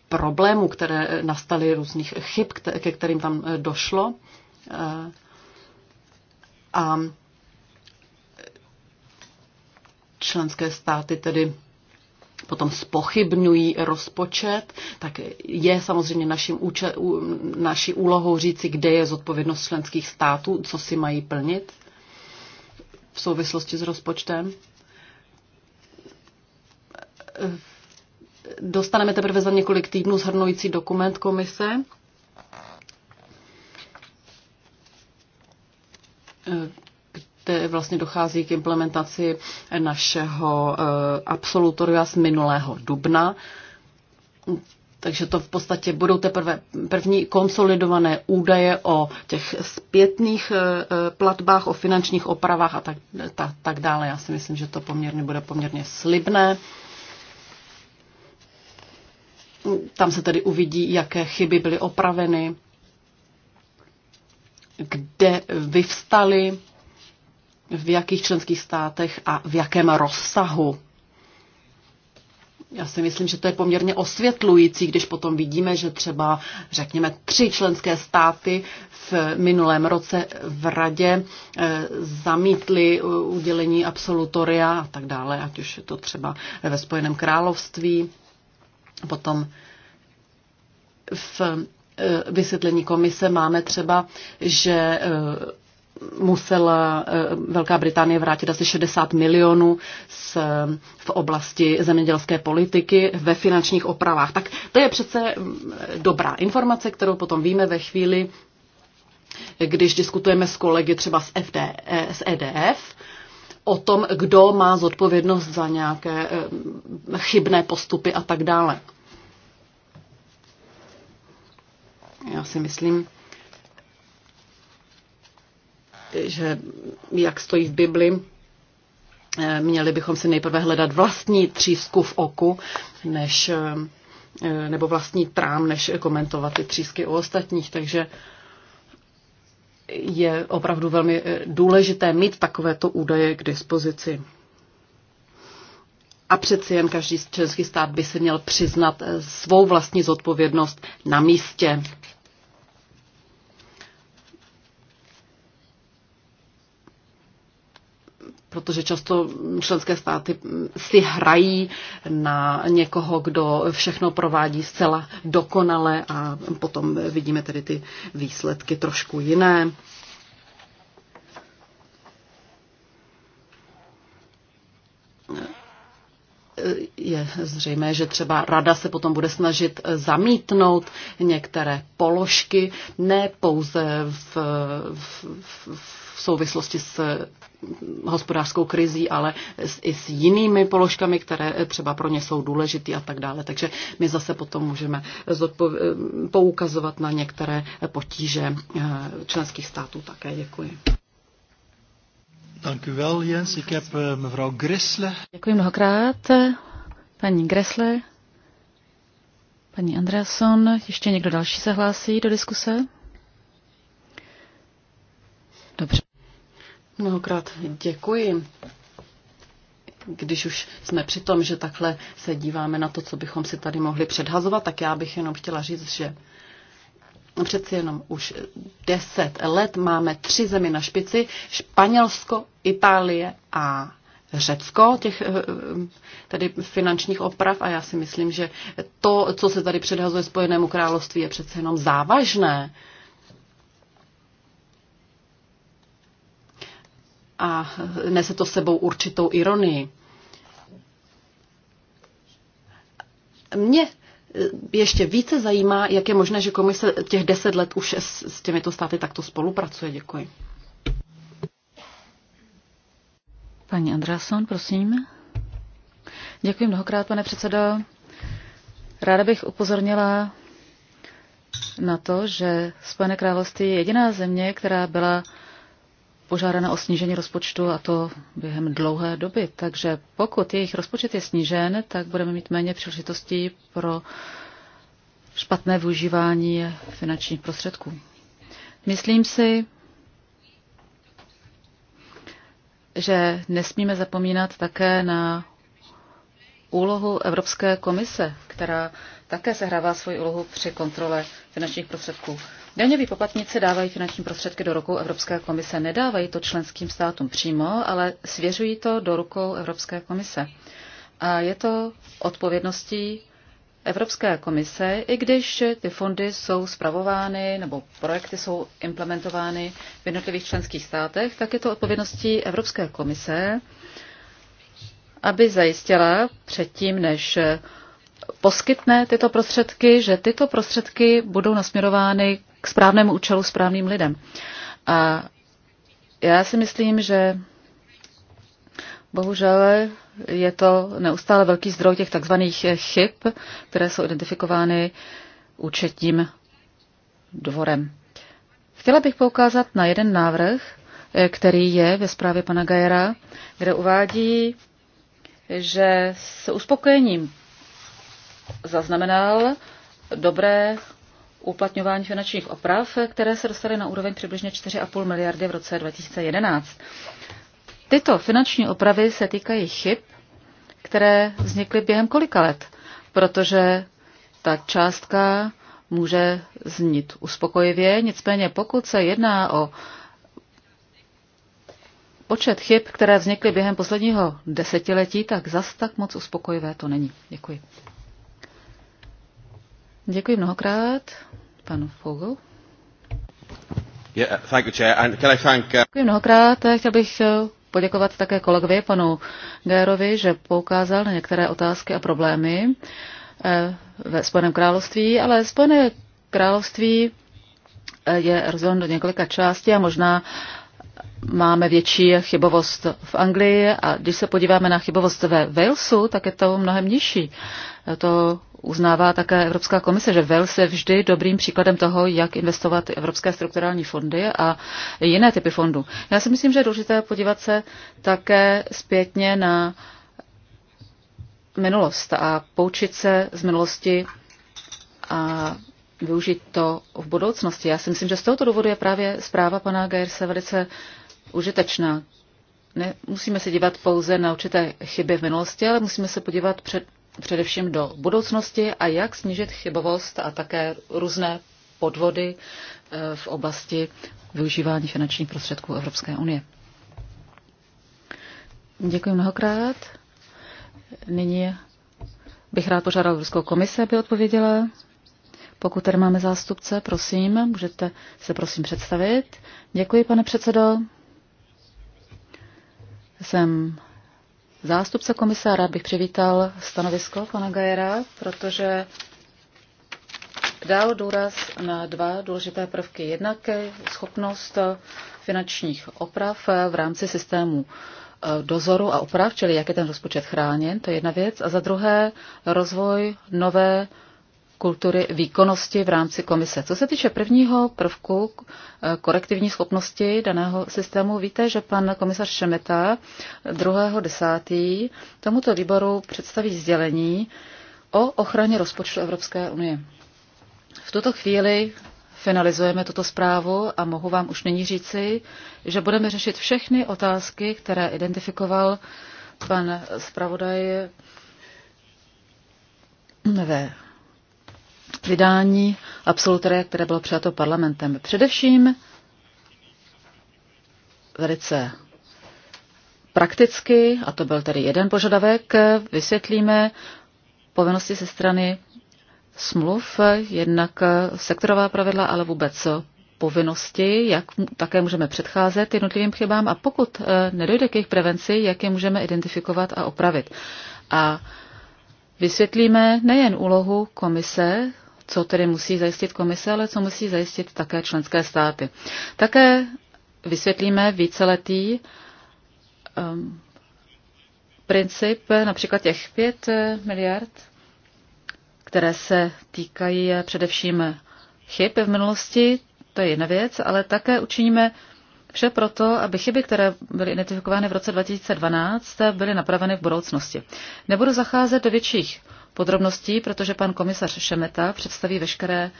problémů, které nastaly, různých chyb, ke kterým tam došlo, a členské státy tedy potom spochybnují rozpočet, tak je samozřejmě naším úče, naší úlohou říci, kde je zodpovědnost členských států, co si mají plnit v souvislosti s rozpočtem. Dostaneme teprve za několik týdnů zhrnující dokument komise vlastně dochází k implementaci našeho eh, absolutoria z minulého dubna. Takže to v podstatě budou teprve první konsolidované údaje o těch zpětných eh, eh, platbách, o finančních opravách a tak, tak, tak dále. Já si myslím, že to poměrně bude poměrně slibné. Tam se tedy uvidí, jaké chyby byly opraveny, kde vyvstaly v jakých členských státech a v jakém rozsahu. Já si myslím, že to je poměrně osvětlující, když potom vidíme, že třeba, řekněme, tři členské státy v minulém roce v radě eh, zamítly eh, udělení absolutoria a tak dále, ať už je to třeba ve Spojeném království. Potom v eh, vysvětlení komise máme třeba, že musela eh, Velká Británie vrátit asi 60 milionů z, eh, v oblasti zemědělské politiky ve finančních opravách. Tak to je přece mm, dobrá informace, kterou potom víme ve chvíli, když diskutujeme s kolegy třeba z, FD, eh, z EDF, o tom, kdo má zodpovědnost za nějaké chybné postupy a tak dále. Já si myslím, že jak stojí v Bibli, eh, měli bychom si nejprve hledat vlastní třísku v oku, než, eh, nebo vlastní trám, než komentovat ty třísky u ostatních. Takže je opravdu velmi eh, důležité mít takovéto údaje k dispozici. A přeci jen každý český stát by si měl přiznat svou vlastní zodpovědnost na místě. protože často členské státy si hrají na někoho, kdo všechno provádí zcela dokonale a potom vidíme tedy ty výsledky trošku jiné. je zřejmé, že třeba rada se potom bude snažit zamítnout některé položky, ne pouze v, v, v v souvislosti s eh, hospodářskou krizí, ale i s jinými položkami, které eh, třeba pro ně jsou důležité a tak dále. Takže my zase potom můžeme eh, poukazovat na některé potíže členských států také. Děkuji. Dank Jens. Děkuji mnohokrát. Paní Gressle, paní Andreason, ještě někdo další se hlásí do diskuse? Dobře. Mnohokrát děkuji. Když už jsme při tom, že takhle se díváme na to, co bychom si tady mohli předhazovat, tak já bych jenom chtěla říct, že přeci jenom už deset let máme tři zemi na špici, Španělsko, Itálie a Řecko těch eh, tedy finančních oprav a já si myslím, že to, co se tady předhazuje Spojenému království, je přece jenom závažné. a nese to sebou určitou ironii. Mě ještě více zajímá, jak je možné, že komise těch deset let už s, s těmito státy takto spolupracuje. Děkuji. Paní Andrason, prosím. Děkuji mnohokrát, pane předsedo. Ráda bych upozornila na to, že Spojené království je jediná země, která byla požádána o snížení rozpočtu a to během dlouhé doby. Takže pokud jejich rozpočet je snížen, tak budeme mít méně příležitostí pro špatné využívání finančních prostředků. Myslím si, že nesmíme zapomínat také na úlohu Evropské komise, která také sehrává svoji úlohu při kontrole finančních prostředků. Daňoví poplatníci dávají finanční prostředky do rukou Evropské komise. Nedávají to členským státům přímo, ale svěřují to do rukou Evropské komise. A je to odpovědností Evropské komise, i když ty fondy jsou zpravovány nebo projekty jsou implementovány v jednotlivých členských státech, tak je to odpovědností Evropské komise, aby zajistila předtím, než poskytne tyto prostředky, že tyto prostředky budou nasměrovány k správnému účelu správným lidem. A já si myslím, že bohužel je to neustále velký zdroj těch takzvaných chyb, které jsou identifikovány účetním dvorem. Chtěla bych poukázat na jeden návrh, který je ve zprávě pana Gajera, kde uvádí, že s uspokojením zaznamenal dobré uplatňování finančních oprav, které se dostaly na úroveň přibližně 4,5 miliardy v roce 2011. Tyto finanční opravy se týkají chyb, které vznikly během kolika let, protože ta částka může znít uspokojivě, nicméně pokud se jedná o počet chyb, které vznikly během posledního desetiletí, tak zas tak moc uspokojivé to není. Děkuji. Děkuji mnohokrát, panu Fogel. Yeah, thank you, chair. And can I thank, uh... Děkuji mnohokrát. Chtěl bych uh, poděkovat také kolegovi, panu Gérovi, že poukázal na některé otázky a problémy uh, ve Spojeném království, ale Spojené království uh, je rozděleno do několika částí a možná máme větší chybovost v Anglii a když se podíváme na chybovost ve Walesu, tak je to mnohem nižší. To uznává také Evropská komise, že Wales je vždy dobrým příkladem toho, jak investovat evropské strukturální fondy a jiné typy fondů. Já si myslím, že je důležité podívat se také zpětně na minulost a poučit se z minulosti a využít to v budoucnosti. Já si myslím, že z tohoto důvodu je právě zpráva pana Geirse velice užitečná. Ne, musíme se dívat pouze na určité chyby v minulosti, ale musíme se podívat před, především do budoucnosti a jak snížit chybovost a také různé podvody eh, v oblasti využívání finančních prostředků Evropské unie. Děkuji mnohokrát. Nyní bych rád požádal Evropskou komisi, aby odpověděla. Pokud tady máme zástupce, prosím, můžete se prosím představit. Děkuji, pane předsedo. Jsem Zástupce komisára bych přivítal stanovisko pana Gajera, protože dal důraz na dva důležité prvky. Jednak schopnost finančních oprav v rámci systému e, dozoru a oprav, čili jak je ten rozpočet chráněn, to je jedna věc. A za druhé rozvoj nové kultury výkonnosti v rámci komise. Co se týče prvního prvku eh, korektivní schopnosti daného systému, víte, že pan komisař Šemeta 2.10. tomuto výboru představí sdělení o ochraně rozpočtu Evropské unie. V tuto chvíli finalizujeme tuto zprávu a mohu vám už nyní říci, že budeme řešit všechny otázky, které identifikoval pan zpravodaj ve vydání absolutoria, které bylo přijato parlamentem. Především velice prakticky, a to byl tedy jeden požadavek, vysvětlíme povinnosti ze strany smluv, jednak sektorová pravidla, ale vůbec povinnosti, jak také můžeme předcházet jednotlivým chybám a pokud eh, nedojde k jejich prevenci, jak je můžeme identifikovat a opravit. A vysvětlíme nejen úlohu komise co tedy musí zajistit komise, ale co musí zajistit také členské státy. Také vysvětlíme víceletý um, princip, například těch 5 eh, miliard, které se týkají eh, především chyb v minulosti, to je jedna věc, ale také učiníme Vše proto, aby chyby, které byly identifikovány v roce 2012, eh, byly napraveny v budoucnosti. Nebudu zacházet do větších podrobností, protože pan komisař Šemeta představí veškeré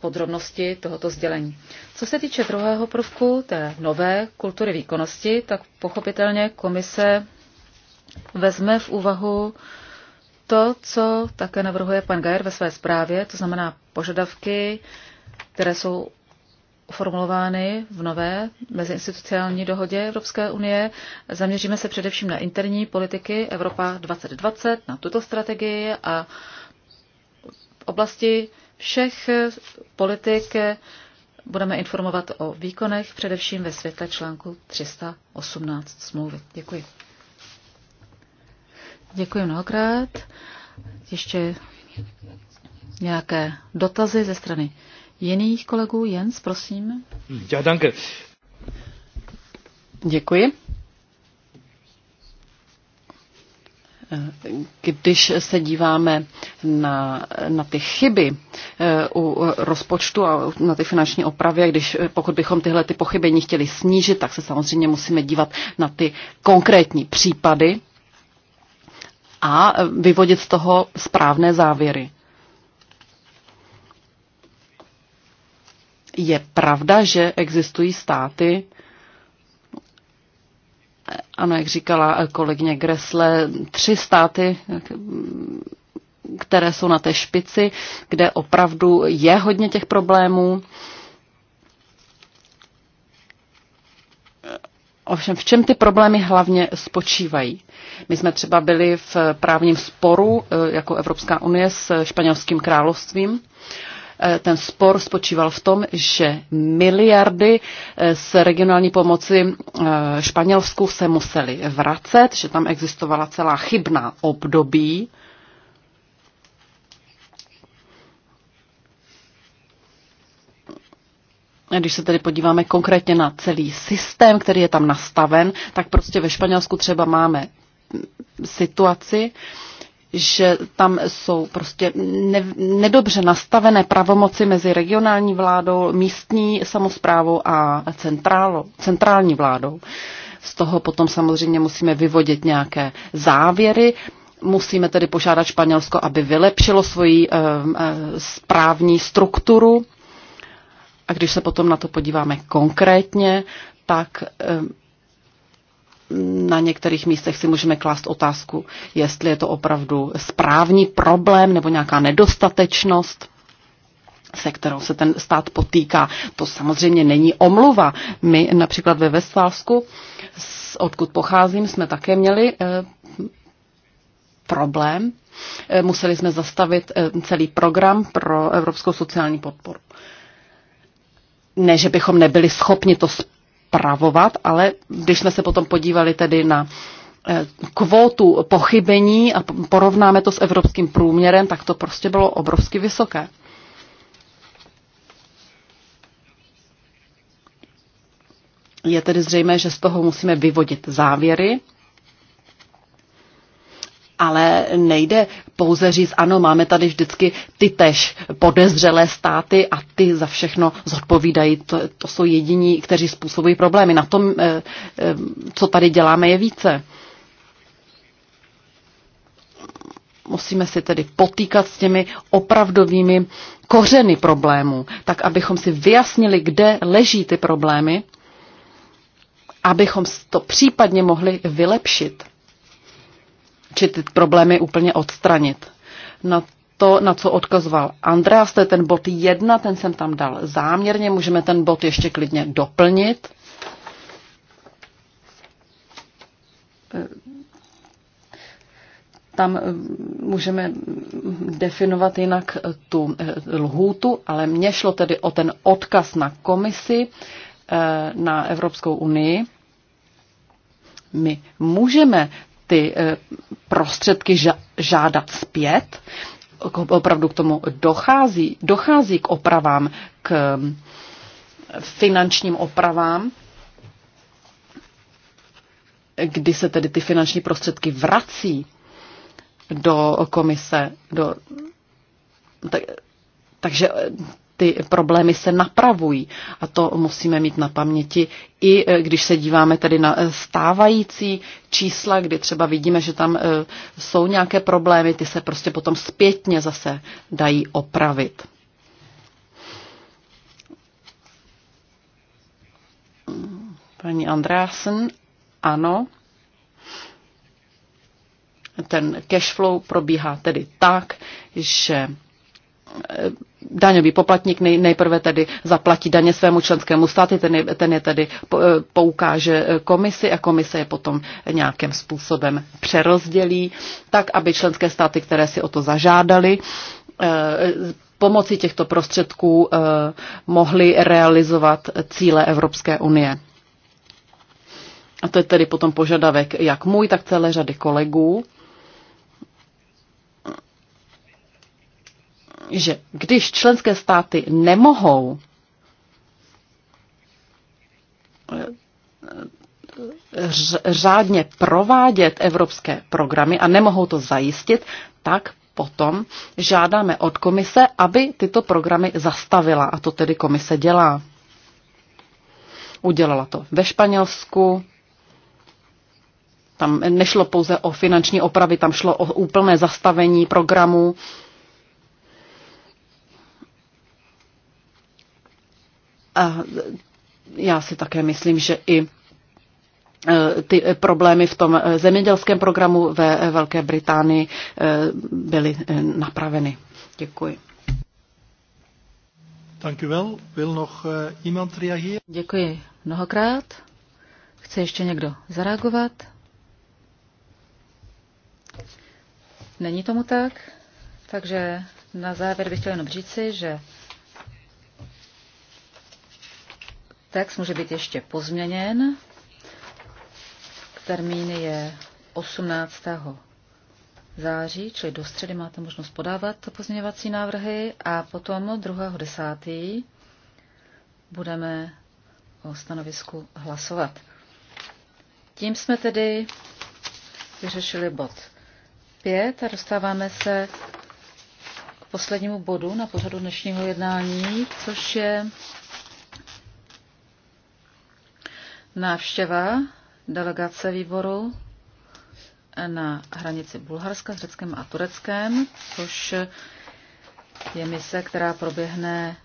podrobnosti tohoto sdělení. Co se týče druhého prvku, té nové kultury výkonnosti, tak pochopitelně komise vezme v úvahu to, co také navrhuje pan Gajer ve své zprávě, to znamená požadavky, které jsou formulovány v nové meziinstitucionální dohodě Evropské unie. Zaměříme se především na interní politiky Evropa 2020, na tuto strategii a v oblasti všech politik budeme informovat o výkonech, především ve světle článku 318 smlouvy. Děkuji. Děkuji mnohokrát. Ještě nějaké dotazy ze strany jiných kolegů. Jens, prosím. Já danke. Děkuji. Když se díváme na, na ty chyby eh, u rozpočtu a na ty finanční opravy, když, eh, pokud bychom tyhle ty pochybení chtěli snížit, tak se samozřejmě musíme dívat na ty konkrétní případy a vyvodit z toho správné závěry. Je pravda, že existují státy, ano, jak říkala kolegyně Gresle, tři státy, které jsou na té špici, kde opravdu je hodně těch problémů. Ovšem, v čem ty problémy hlavně spočívají? My jsme třeba byli v právním sporu eh, jako Evropská unie s španělským královstvím Eh, ten spor spočíval v tom, že miliardy eh, z regionální pomoci eh, Španělsku se museli vracet, že tam existovala celá chybná období. když se tedy podíváme konkrétně na celý systém, který je tam nastaven, tak prostě ve Španělsku třeba máme situaci, že tam jsou prostě ne, nedobře nastavené pravomoci mezi regionální vládou, místní samozprávou a centrálo, centrální vládou. Z toho potom samozřejmě musíme vyvodit nějaké závěry. Musíme tedy požádat Španělsko, aby vylepšilo svoji e, e, správní strukturu. A když se potom na to podíváme konkrétně, tak e, na některých místech si můžeme klást otázku, jestli je to opravdu správní problém nebo nějaká nedostatečnost se kterou se ten stát potýká. To samozřejmě není omluva. My například ve Vestfálsku, odkud pocházím, jsme také měli eh, problém. Eh, museli jsme zastavit eh, celý program pro Evropskou sociální podporu. Ne, že bychom nebyli schopni to napravovat, ale když jsme se potom podívali tedy na eh, kvótu pochybení a porovnáme to s evropským průměrem, tak to prostě bylo obrovsky vysoké. Je tedy zřejmé, že z toho musíme vyvodit závěry ale nejde pouze říct, ano, máme tady vždycky ty tež podezřelé státy a ty za všechno zodpovídají. To, to jsou jediní, kteří způsobují problémy. Na tom, eh, eh, co tady děláme, je více. Musíme si tedy potýkat s těmi opravdovými kořeny problémů, tak abychom si vyjasnili, kde leží ty problémy, abychom to případně mohli vylepšit či ty problémy úplně odstranit. Na to, na co odkazoval Andreas, to je ten bod jedna, ten jsem tam dal záměrně, můžeme ten bod ještě klidně doplnit. Tam eh, můžeme definovat jinak eh, tu eh, lhůtu, ale mně šlo tedy o ten odkaz na komisi, na Evropskou unii. My můžeme ty prostředky žádat zpět. Opravdu k tomu dochází. Dochází k opravám, k mm, finančním opravám, kdy se tedy ty finanční prostředky vrací do komise. Do, tak, takže ty problémy se napravují. A to musíme mít na paměti, i eh, když se díváme tedy na eh, stávající čísla, kdy třeba vidíme, že tam eh, jsou nějaké problémy, ty se prostě potom zpětně zase dají opravit. Paní Andreasen, ano. Ten cash flow probíhá tedy tak, že Eh, daňový poplatník nejprve tedy zaplatí daně svému členskému státu, ten je, ten je tedy eh, poukáže eh, komisi a komise je potom nějakým způsobem přerozdělí, tak aby členské státy, které si o to zažádali, pomocí těchto prostředků mohly realizovat cíle Evropské unie. A to je tedy potom požadavek jak můj, tak celé řady kolegů. že když členské státy nemohou eh, řádně provádět evropské programy a nemohou to zajistit, tak potom žádáme od komise, aby tyto programy zastavila. A to tedy komise dělá. Udělala to ve Španělsku. Tam nešlo pouze o finanční opravy, tam šlo o úplné zastavení programů. A já si také myslím, že i e, ty problémy v tom zemědělském programu ve Velké Británii e, byly e, napraveny. Děkuji. Děkuji mnohokrát. Chce ještě někdo zareagovat? Není tomu tak? Takže na závěr bych chtěl jenom říci, že Text může být ještě pozměněn. Termín je 18. září, čili do středy máte možnost podávat pozměňovací návrhy a potom 2.10. budeme o stanovisku hlasovat. Tím jsme tedy vyřešili bod 5 a dostáváme se k poslednímu bodu na pořadu dnešního jednání, což je návštěva delegace výboru na hranici Bulharska s Řeckem a Tureckem, což je mise, která proběhne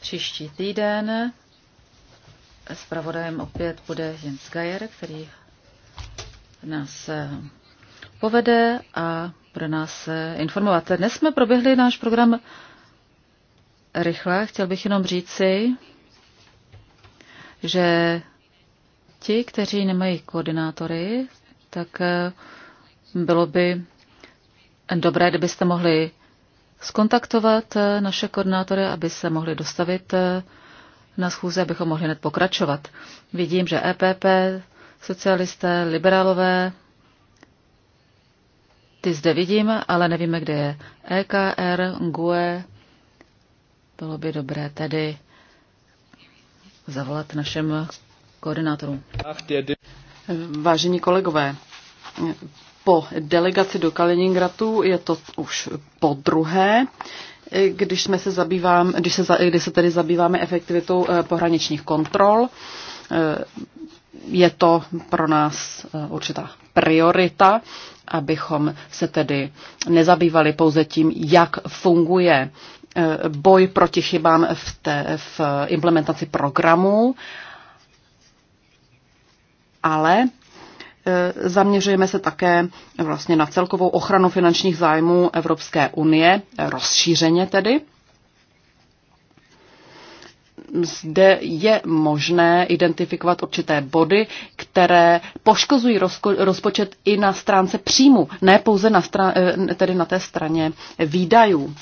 příští týden. Spravodajem opět bude Jens Geier, který nás eh, povede a bude nás eh, informovat. Dnes jsme proběhli náš program rychle. Chtěl bych jenom říci, že Ti, kteří nemají koordinátory, tak eh, bylo by dobré, kdybyste mohli skontaktovat eh, naše koordinátory, aby se mohli dostavit eh, na schůze, abychom mohli hned pokračovat. Vidím, že EPP, socialisté, liberálové, ty zde vidím, ale nevíme, kde je EKR, GUE. Bylo by dobré tedy zavolat našem koordinátorů. Vážení kolegové, po delegaci do Kaliningradu je to už po druhé, když, jsme se zabývám, když, se, když se tedy zabýváme efektivitou eh, pohraničních kontrol. Eh, je to pro nás eh, určitá priorita, abychom se tedy nezabývali pouze tím, jak funguje boj proti chybám v, té, v implementaci programů, ale e, zaměřujeme se také vlastně na celkovou ochranu finančních zájmů Evropské unie, rozšířeně tedy. Zde je možné identifikovat určité body, které poškozují rozpočet i na stránce příjmu, ne pouze na, e, tedy na té straně výdajů.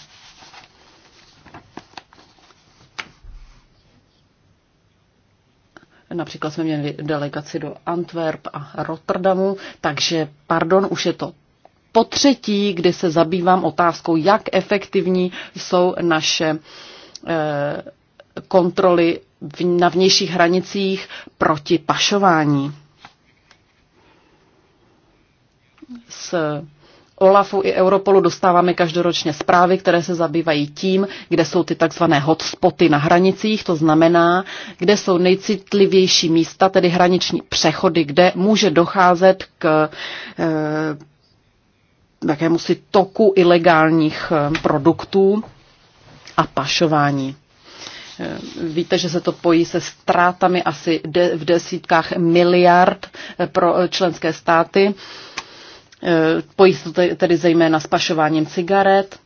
Například jsme měli delegaci do Antwerp a Rotterdamu, takže pardon, už je to po třetí, kdy se zabývám otázkou, jak efektivní jsou naše eh, kontroly na vnějších hranicích proti pašování. S Olafu i Europolu dostáváme každoročně zprávy, které se zabývají tím, kde jsou ty takzvané hotspoty na hranicích, to znamená, kde jsou nejcitlivější místa, tedy hraniční přechody, kde může docházet k e, jakému si toku ilegálních eh, produktů a pašování. Eh, víte, že se to pojí se ztrátami asi v desítkách miliard pro členské státy. Pojí se tedy zejména s pašováním cigaret.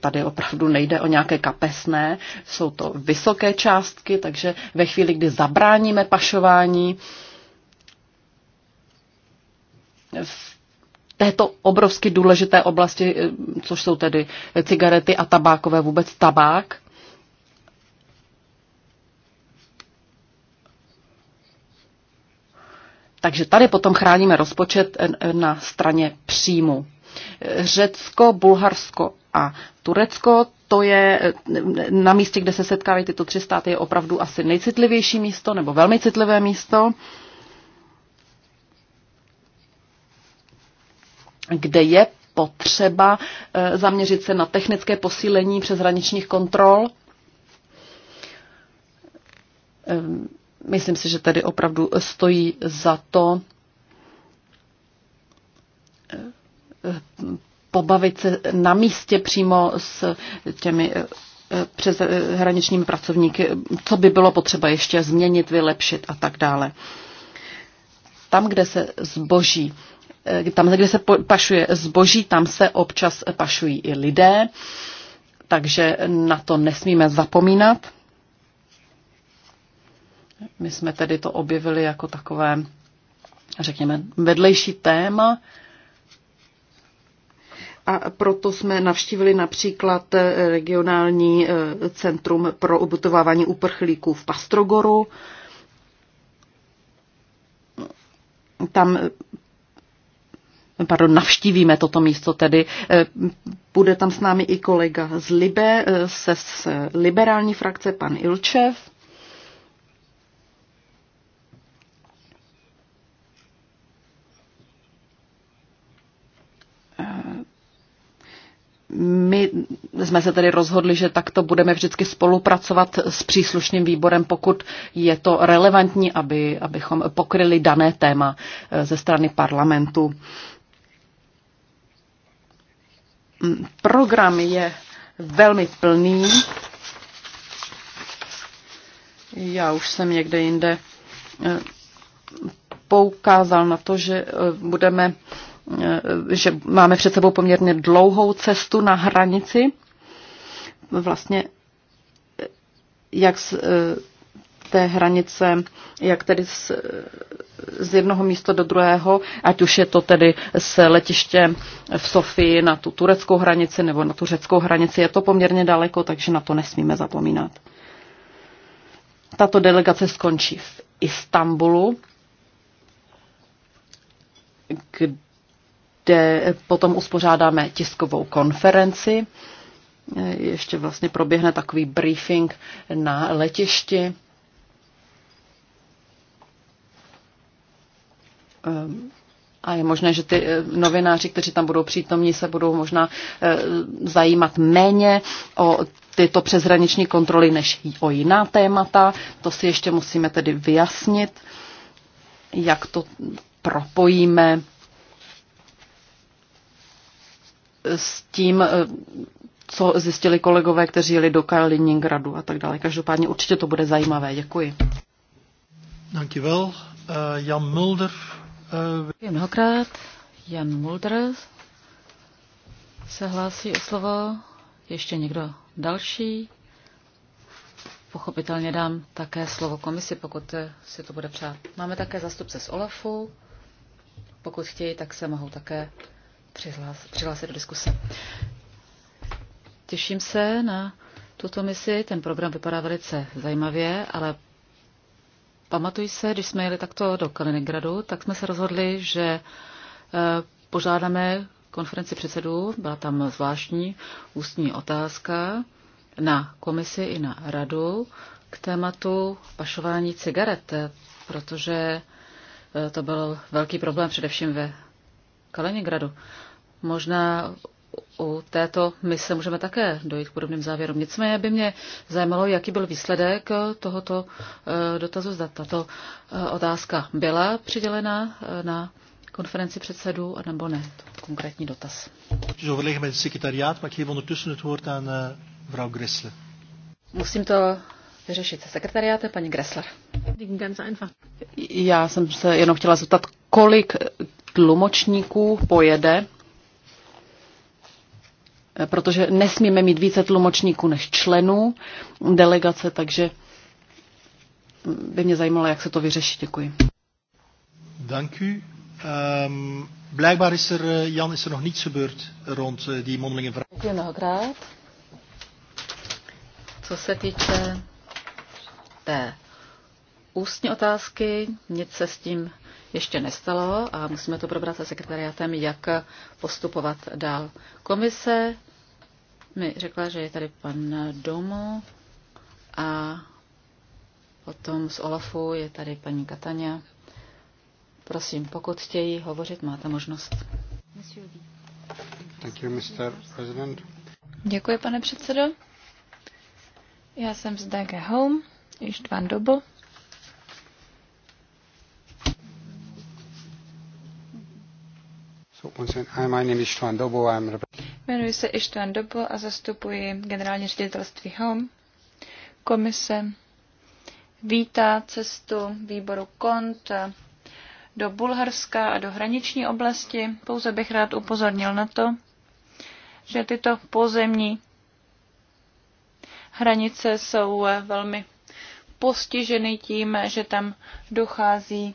Tady opravdu nejde o nějaké kapesné, jsou to vysoké částky, takže ve chvíli, kdy zabráníme pašování, v této obrovsky důležité oblasti, eh, což jsou tedy cigarety a tabákové vůbec tabák, Takže tady potom chráníme rozpočet eh, eh, na straně příjmu. Řecko, Bulharsko a Turecko, to je eh, na místě, kde se setkávají tyto tři státy, je opravdu asi nejcitlivější místo nebo velmi citlivé místo, kde je potřeba zaměřit se na technické posílení přeshraničních kontrol ehm, Myslím si, že tady opravdu stojí za to eh, pobavit se na místě přímo s těmi eh, přes hraničními pracovníky, co by bylo potřeba ještě změnit, vylepšit a tak dále. Tam, kde se zboží, eh, tam, kde se pašuje zboží, tam se občas pašují i lidé, takže na to nesmíme zapomínat. My jsme tedy to objevili jako takové, řekněme, vedlejší téma. A proto jsme navštívili například eh, regionální eh, centrum pro ubytovávání uprchlíků v Pastrogoru. Tam eh, pardon, navštívíme toto místo tedy. Bude tam s námi i kolega z Libe, se z liberální frakce, pan Ilčev. my jsme se tedy rozhodli, že takto budeme vždycky spolupracovat s příslušným výborem, pokud je to relevantní, aby, abychom pokryli dané téma eh, ze strany parlamentu. Mm, program je velmi plný. Já už jsem někde jinde eh, poukázal na to, že eh, budeme E, že máme před sebou poměrně dlouhou cestu na hranici. Vlastně jak z e, té hranice, jak tedy z, z jednoho místa do druhého, ať už je to tedy z letiště v Sofii na tu tureckou hranici nebo na tu řeckou hranici, je to poměrně daleko, takže na to nesmíme zapomínat. Tato delegace skončí v Istanbulu, kde kde potom uspořádáme tiskovou konferenci. Ještě vlastně proběhne takový briefing na letišti. A je možné, že ty eh, novináři, kteří tam budou přítomní, se budou možná eh, zajímat méně o tyto přeshraniční kontroly než o jiná témata. To si ještě musíme tedy vyjasnit, jak to propojíme s tím, eh, co zjistili kolegové, kteří jeli do Kaliningradu a tak dále. Každopádně určitě to bude zajímavé. Děkuji. Dankjewel. Uh, eh, Jan Mulder. Uh... Mnohokrát. Jan Mulder se hlásí o slovo. Ještě někdo další? Pochopitelně dám také slovo komisi, pokud si to bude přát. Máme také zastupce z OLAFu. Pokud chtějí, tak se mohou také přihlásit do diskuse. Těším se na tuto misi. Ten program vypadá velice zajímavě, ale pamatuj se, když jsme jeli takto do Kaliningradu, tak jsme se rozhodli, že eh, požádáme konferenci předsedů, byla tam zvláštní ústní otázka na komisi i na radu k tématu pašování cigaret, protože eh, to byl velký problém především ve Kaliningradu. Možná u této mise můžeme také dojít k podobným závěrům. Nicméně by mě zajímalo, jaký byl výsledek tohoto eh, dotazu. Zda tato eh, otázka byla přidělena eh, na konferenci předsedů, nebo ne? To konkrétní dotaz. Musím to vyřešit se sekretariátem, paní Gressler. Já jsem se jenom chtěla zeptat, kolik tlumočníků pojede Eh, protože nesmíme mít více tlumočníků než členů delegace, takže by mě zajímalo, jak se to vyřeší. Děkuji. Děkuji. Um, ehm, blijkbaar is er, eh, Jan, is er nog niets gebeurd rond uh, die mondelinge vraag. Děkuji mnohokrát. Co se týče té ústní otázky, nic se s tím ještě nestalo a musíme to probrat se sekretariátem, jak postupovat dál. Komise mi řekla, že je tady pan Domo a potom z Olafu je tady paní Katania. Prosím, pokud chtějí hovořit, máte možnost. Thank you, Mr. President. Děkuji, pane předsedo. Já jsem z DG Home, již dvan dobu. Jmenuji se Ištvan Dobo a zastupuji generální ředitelství Home. Komise vítá cestu výboru KONT do Bulharska a do hraniční oblasti. Pouze bych rád upozornil na to, že tyto pozemní hranice jsou velmi postiženy tím, že tam dochází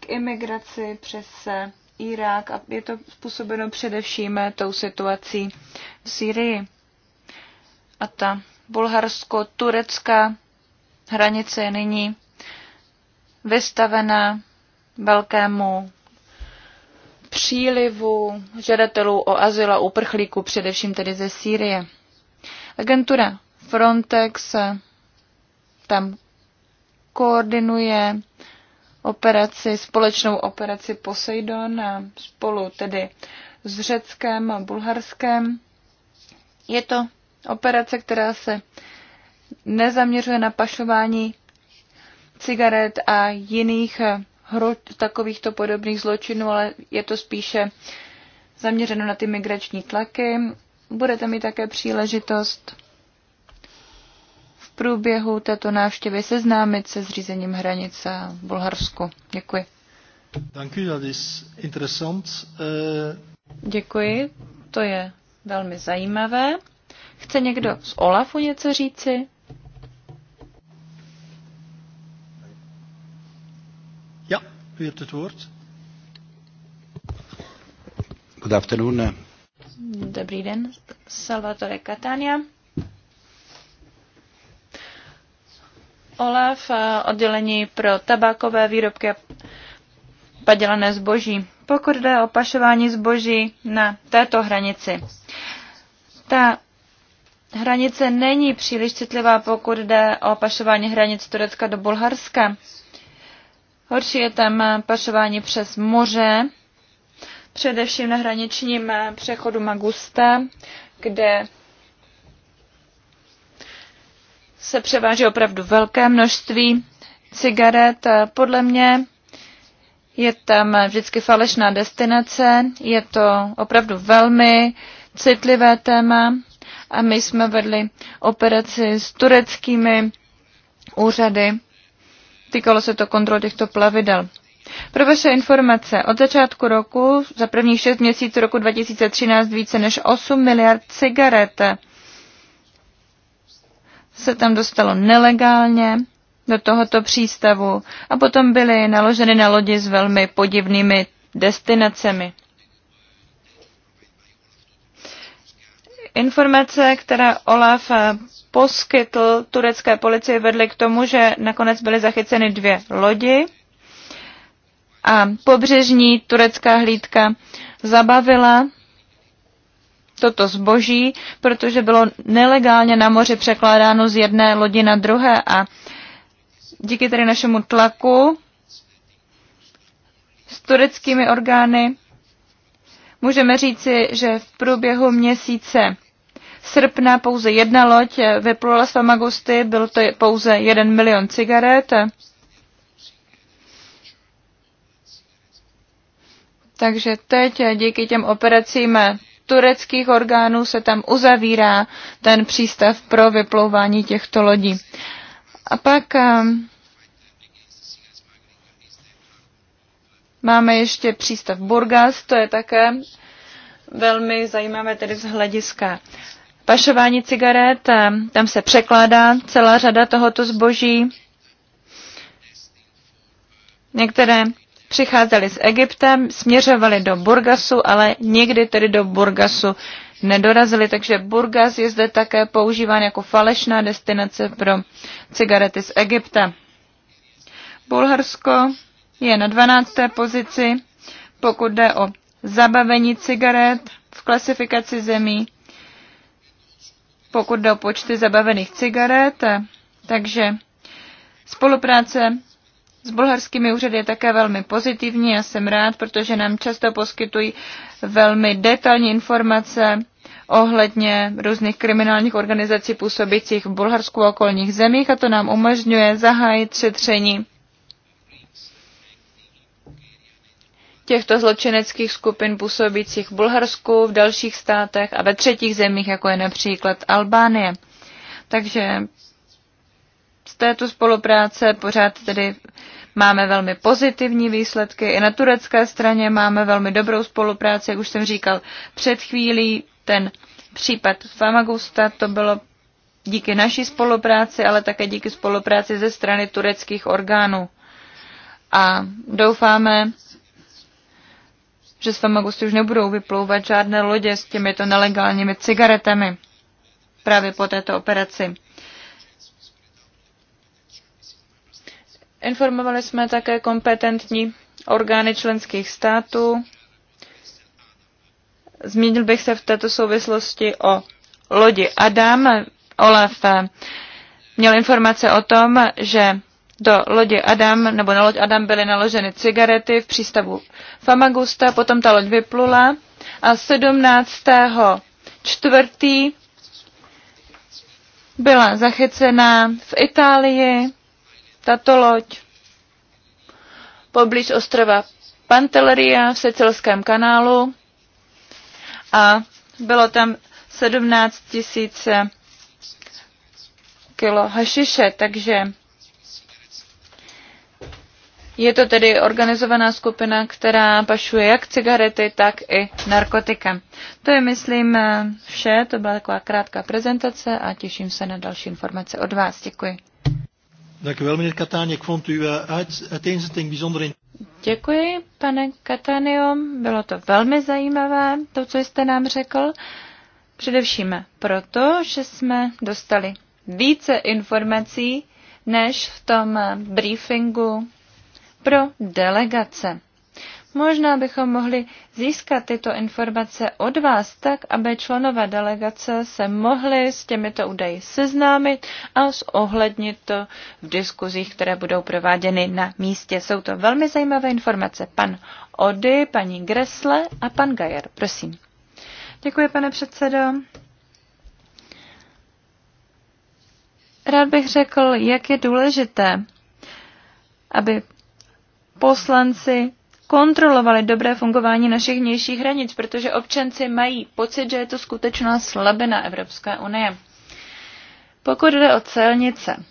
k imigraci přes Irák a je to způsobeno především tou situací v Syrii. A ta bulharsko-turecká hranice je nyní vystavená velkému přílivu žadatelů o azyl a uprchlíků, především tedy ze Sýrie. Agentura Frontex tam koordinuje operaci, společnou operaci Poseidon spolu tedy s Řeckem a Bulharskem. Je to operace, která se nezaměřuje na pašování cigaret a jiných hru, takovýchto podobných zločinů, ale je to spíše zaměřeno na ty migrační tlaky. Budete mít také příležitost průběhu této návštěvy seznámit se zřízením hranice v Bulharsku. Děkuji. Äh, Děkuji, to je velmi zajímavé. Chce někdo z OLAFu něco říci? Ja, u het woord. Good afternoon. Dobrý den, Salvatore Catania. OLAF, eh, oddělení pro tabákové výrobky a padělané zboží. Pokud jde o pašování zboží na této hranici, ta hranice není příliš citlivá, pokud jde o pašování hranic Turecka do Bulharska. Horší je tam eh, pašování přes moře, především na hraničním eh, přechodu Magusta, kde se převáží opravdu velké množství cigaret. Podle mě je tam vždycky falešná destinace, je to opravdu velmi citlivé téma a my jsme vedli operaci s tureckými úřady. Týkalo se to kontrol těchto plavidel. Pro vaše informace, od začátku roku, za prvních šest měsíců roku 2013, více než 8 miliard cigaret se tam dostalo nelegálně do tohoto přístavu a potom byly naloženy na lodi s velmi podivnými destinacemi. Informace, která Olaf poskytl turecké policii, vedly k tomu, že nakonec byly zachyceny dvě lodi a pobřežní turecká hlídka zabavila toto zboží, protože bylo nelegálně na moři překládáno z jedné lodi na druhé a díky tedy našemu tlaku s tureckými orgány můžeme říci, že v průběhu měsíce srpna pouze jedna loď vyplula z Famagusty, byl to pouze jeden milion cigaret. Takže teď díky těm operacím tureckých orgánů se tam uzavírá ten přístav pro vyplouvání těchto lodí. A pak ehm, máme ještě přístav Burgas, to je také velmi zajímavé tedy z hlediska pašování cigaret. Ehm, tam se překládá celá řada tohoto zboží. Některé přicházeli z Egyptem, směřovali do Burgasu, ale nikdy tedy do Burgasu nedorazili, takže Burgas je zde také používán jako falešná destinace pro cigarety z Egypta. Bulharsko je na 12. pozici, pokud jde o zabavení cigaret v klasifikaci zemí, pokud jde o počty zabavených cigaret, takže spolupráce s bulharskými úřady je také velmi pozitivní a jsem rád, protože nám často poskytují velmi detailní informace ohledně různých kriminálních organizací působících v Bulharsku a okolních zemích a to nám umožňuje zahájit šetření těchto zločineckých skupin působících v Bulharsku, v dalších státech a ve třetích zemích, jako je například Albánie. Takže z této spolupráce pořád tedy máme velmi pozitivní výsledky. I na turecké straně máme velmi dobrou spolupráci, jak už jsem říkal před chvílí, ten případ Famagusta, to bylo díky naší spolupráci, ale také díky spolupráci ze strany tureckých orgánů. A doufáme, že z Famagusty už nebudou vyplouvat žádné lodě s těmito nelegálními cigaretami právě po této operaci. Informovali jsme také kompetentní orgány členských států. Zmínil bych se v této souvislosti o lodi Adam. Olaf eh, měl informace o tom, že do lodi Adam, nebo na loď Adam byly naloženy cigarety v přístavu Famagusta, potom ta loď vyplula a 17. čtvrtý byla zachycena v Itálii tato loď poblíž ostrova Pantelleria v Sicilském kanálu a bylo tam 17 tisíc kilo hašiše, takže je to tedy organizovaná skupina, která pašuje jak cigarety, tak i narkotika. To je, myslím, vše. To byla taková krátká prezentace a těším se na další informace od vás. Děkuji. Dank u wel, meneer Ik vond uw eh, uiteenzetting bijzonder in... Děkuji, pane Katanio. Bylo to velmi zajímavé, to, co jste nám řekl. Především proto, že jsme dostali více informací než v tom eh, briefingu pro delegace. Možná bychom mohli získat tyto informace od vás tak, aby členové delegace se mohli s těmito údaji seznámit a zohlednit to v diskuzích, které budou prováděny na místě. Jsou to velmi zajímavé informace. Pan Ody, paní Gresle a pan Gajer, prosím. Děkuji, pane předsedo. Rád bych řekl, jak je důležité, aby poslanci kontrolovali dobré fungování našich vnějších hranic, protože občanci mají pocit, že je to skutečná slabina Evropské unie. Pokud jde o celnice,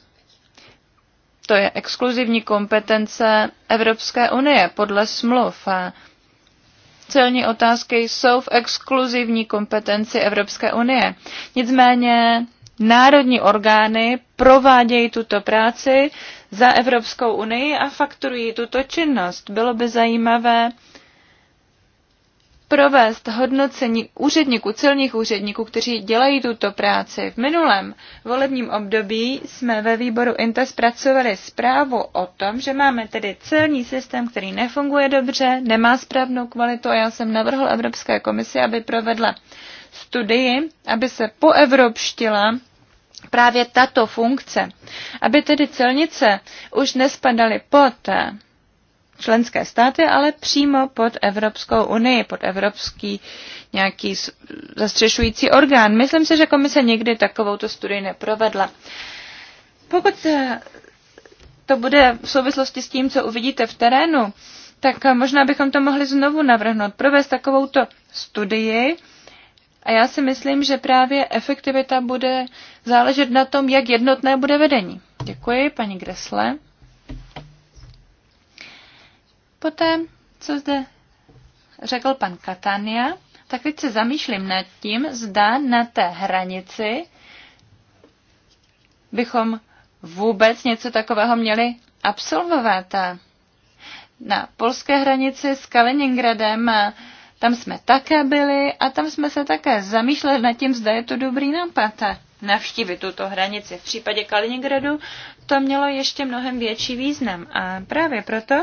to je exkluzivní kompetence Evropské unie podle smluv. Celní otázky jsou v exkluzivní kompetenci Evropské unie. Nicméně národní orgány provádějí tuto práci za Evropskou unii a fakturují tuto činnost. Bylo by zajímavé provést hodnocení úředníků, celních úředníků, kteří dělají tuto práci. V minulém volebním období jsme ve výboru INTA zpracovali zprávu o tom, že máme tedy celní systém, který nefunguje dobře, nemá správnou kvalitu a já jsem navrhl Evropské komisi, aby provedla studii, aby se poevropštila právě tato funkce, aby tedy celnice už nespadaly pod eh, členské státy, ale přímo pod Evropskou unii, pod evropský nějaký zastřešující orgán. Myslím si, že komise nikdy takovouto studii neprovedla. Pokud eh, to bude v souvislosti s tím, co uvidíte v terénu, tak možná bychom to mohli znovu navrhnout, provést takovouto studii, a já si myslím, že právě efektivita bude záležet na tom, jak jednotné bude vedení. Děkuji, paní Gresle. Poté, co zde řekl pan Katania, tak teď se zamýšlím nad tím, zda na té hranici bychom vůbec něco takového měli absolvovat. Na polské hranici s Kaliningradem tam jsme také byli a tam jsme se také zamýšleli nad tím, zda je to dobrý nápad navštívit tuto hranici. V případě Kaliningradu to mělo ještě mnohem větší význam a právě proto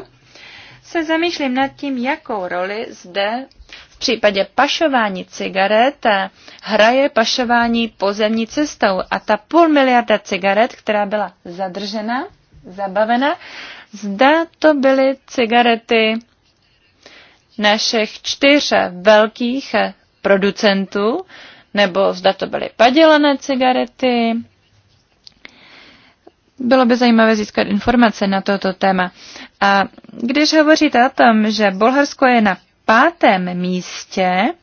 se zamýšlím nad tím, jakou roli zde v případě pašování cigaret hraje pašování pozemní cestou. A ta půl miliarda cigaret, která byla zadržena, zabavena, zda to byly cigarety našich čtyř velkých producentů, nebo zda to byly padělané cigarety. Bylo by zajímavé získat informace na toto téma. A když hovoříte o tom, že Bulharsko je na pátém místě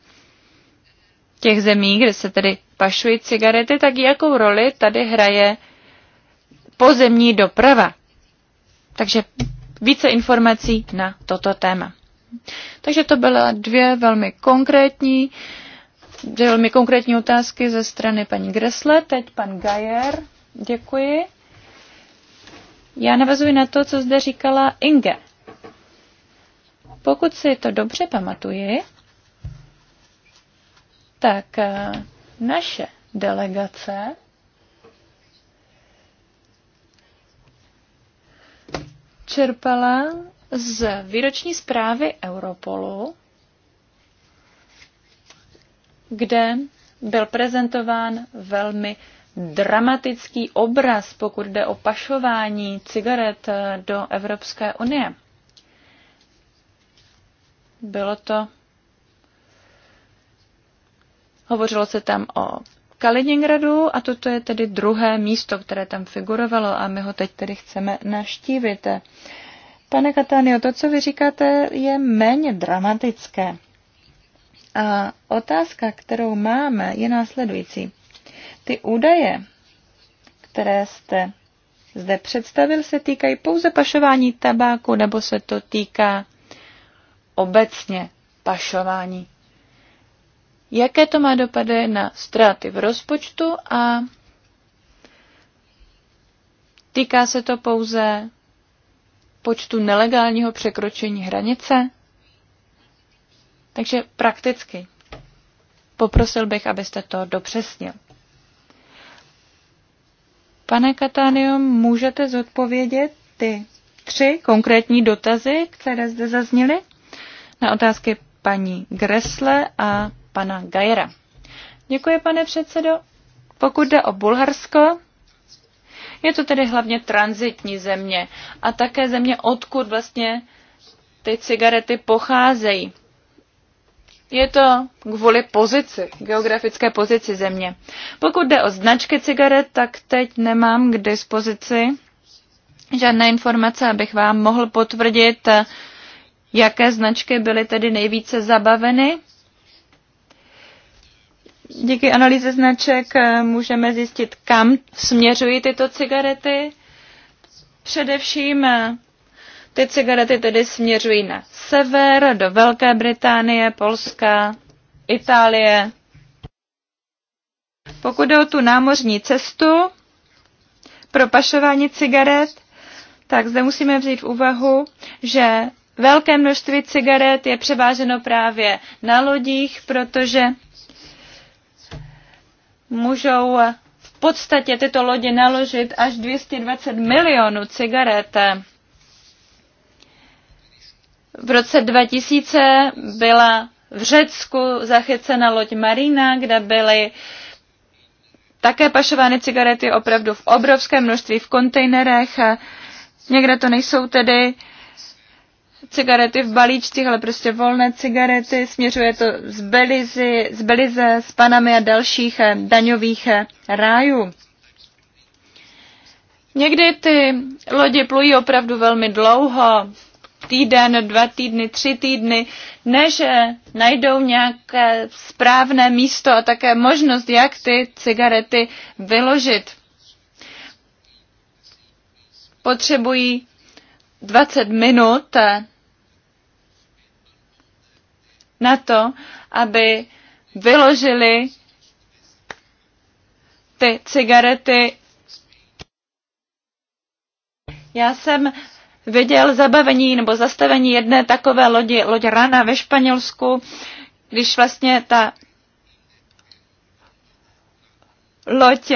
těch zemí, kde se tedy pašují cigarety, tak jakou roli tady hraje pozemní doprava? Takže více informací na toto téma. Takže to byla dvě velmi konkrétní, dvě velmi konkrétní otázky ze strany paní Gresle. Teď pan Gajer. Děkuji. Já navazuji na to, co zde říkala Inge. Pokud si to dobře pamatuji, tak eh, naše delegace čerpala z výroční zprávy Europolu, kde byl prezentován velmi dramatický obraz, pokud jde o pašování cigaret do Evropské unie. Bylo to. Hovořilo se tam o Kaliningradu a toto je tedy druhé místo, které tam figurovalo a my ho teď tedy chceme naštívit. Pane Katanio, to, co vy říkáte, je méně dramatické. A otázka, kterou máme, je následující. Ty údaje, které jste zde představil, se týkají pouze pašování tabáku, nebo se to týká obecně pašování. Jaké to má dopady na ztráty v rozpočtu a týká se to pouze počtu nelegálního překročení hranice. Takže prakticky. Poprosil bych, abyste to dopřesnil. Pane Katánio, můžete zodpovědět ty tři konkrétní dotazy, které zde zazněly, na otázky paní Gresle a pana Gajera. Děkuji, pane předsedo. Pokud jde o Bulharsko, je to tedy hlavně transitní země a také země, odkud vlastně ty cigarety pocházejí. Je to kvůli pozici, geografické pozici země. Pokud jde o značky cigaret, tak teď nemám k dispozici žádné informace, abych vám mohl potvrdit, jaké značky byly tedy nejvíce zabaveny díky analýze značek eh, můžeme zjistit, kam směřují tyto cigarety. Především eh, ty cigarety tedy směřují na sever, do Velké Británie, Polska, Itálie. Pokud jde o tu námořní cestu pro pašování cigaret, tak zde musíme vzít v úvahu, že velké množství cigaret je převáženo právě na lodích, protože můžou v podstatě tyto lodi naložit až 220 milionů cigaret. V roce 2000 byla v Řecku zachycena loď Marina, kde byly také pašovány cigarety opravdu v obrovském množství v kontejnerech. Někde to nejsou tedy uh, cigarety v balíčcích, ale prostě volné cigarety, směřuje to z Belizy, z Belize, z Panamy a dalších eh, daňových eh, rájů. Někdy ty lodě plují opravdu velmi dlouho, týden, dva týdny, tři týdny, než eh, najdou nějaké správné místo a také možnost, jak ty cigarety vyložit. Potřebují 20 minut eh, na to, aby vyložili ty cigarety. Já jsem viděl zabavení nebo zastavení jedné takové lodi, loď Rana ve Španělsku, když vlastně ta loď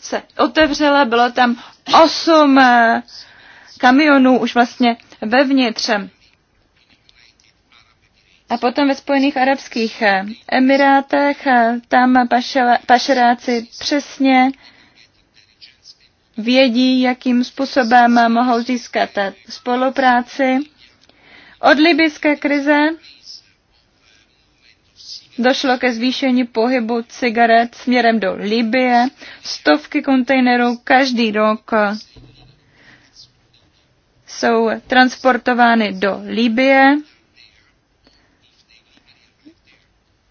se otevřela, bylo tam osm eh, kamionů už vlastně vevnitř. A potom ve Spojených Arabských Emirátech, eh, tam pašeráci přesně vědí, jakým způsobem mohou získat spolupráci. Od libyské krize došlo ke zvýšení pohybu cigaret směrem do Libie. Stovky kontejnerů každý rok jsou transportovány do Libie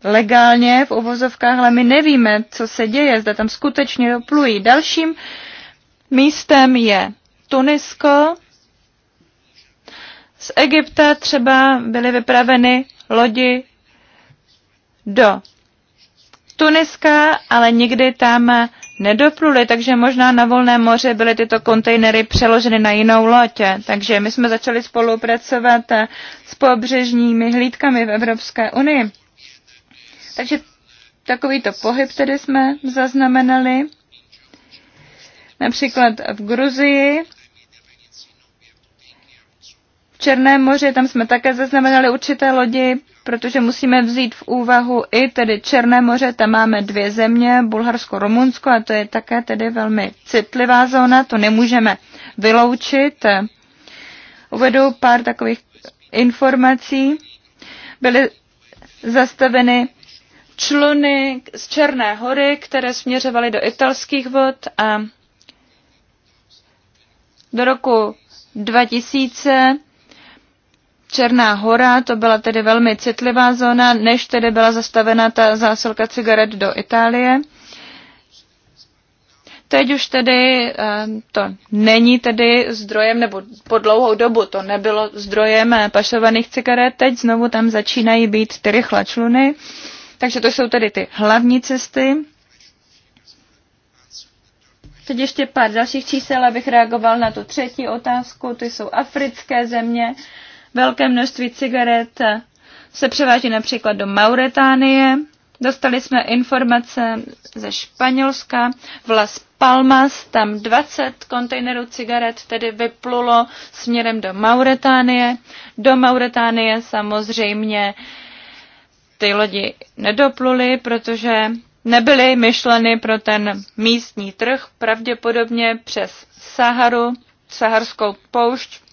legálně v uvozovkách, ale my nevíme, co se děje, zda tam skutečně doplují. Dalším místem je Tunisko. Z Egypta třeba byly vypraveny lodi do Tuniska, ale nikdy tam nedopluli, takže možná na volné moře byly tyto kontejnery přeloženy na jinou loď. Takže my jsme začali spolupracovat s pobřežními hlídkami v Evropské unii. Takže takovýto pohyb tedy jsme zaznamenali. Například v Gruzii, v Černém moři, tam jsme také zaznamenali určité lodi protože musíme vzít v úvahu i tedy Černé moře, tam máme dvě země, Bulharsko, Rumunsko a to je také tedy velmi citlivá zóna, to nemůžeme vyloučit. Uvedu pár takových informací. Byly zastaveny čluny z Černé hory, které směřovaly do italských vod a do roku 2000 Černá hora, to byla tedy velmi citlivá zóna, než tedy byla zastavena ta zásilka cigaret do Itálie. Teď už tedy ehm, to není tedy zdrojem, nebo po dlouhou dobu to nebylo zdrojem eh, pašovaných cigaret, teď znovu tam začínají být ty čluny. Takže to jsou tedy ty hlavní cesty. Teď ještě pár dalších čísel, abych reagoval na tu třetí otázku. Ty jsou africké země. Velké množství cigaret se převáží například do Mauretánie. Dostali jsme informace ze Španělska, v Las Palmas, tam 20 kontejnerů cigaret tedy vyplulo směrem do Mauretánie. Do Mauretánie samozřejmě ty lodi nedopluly, protože nebyly myšleny pro ten místní trh, pravděpodobně přes Saharu, saharskou poušť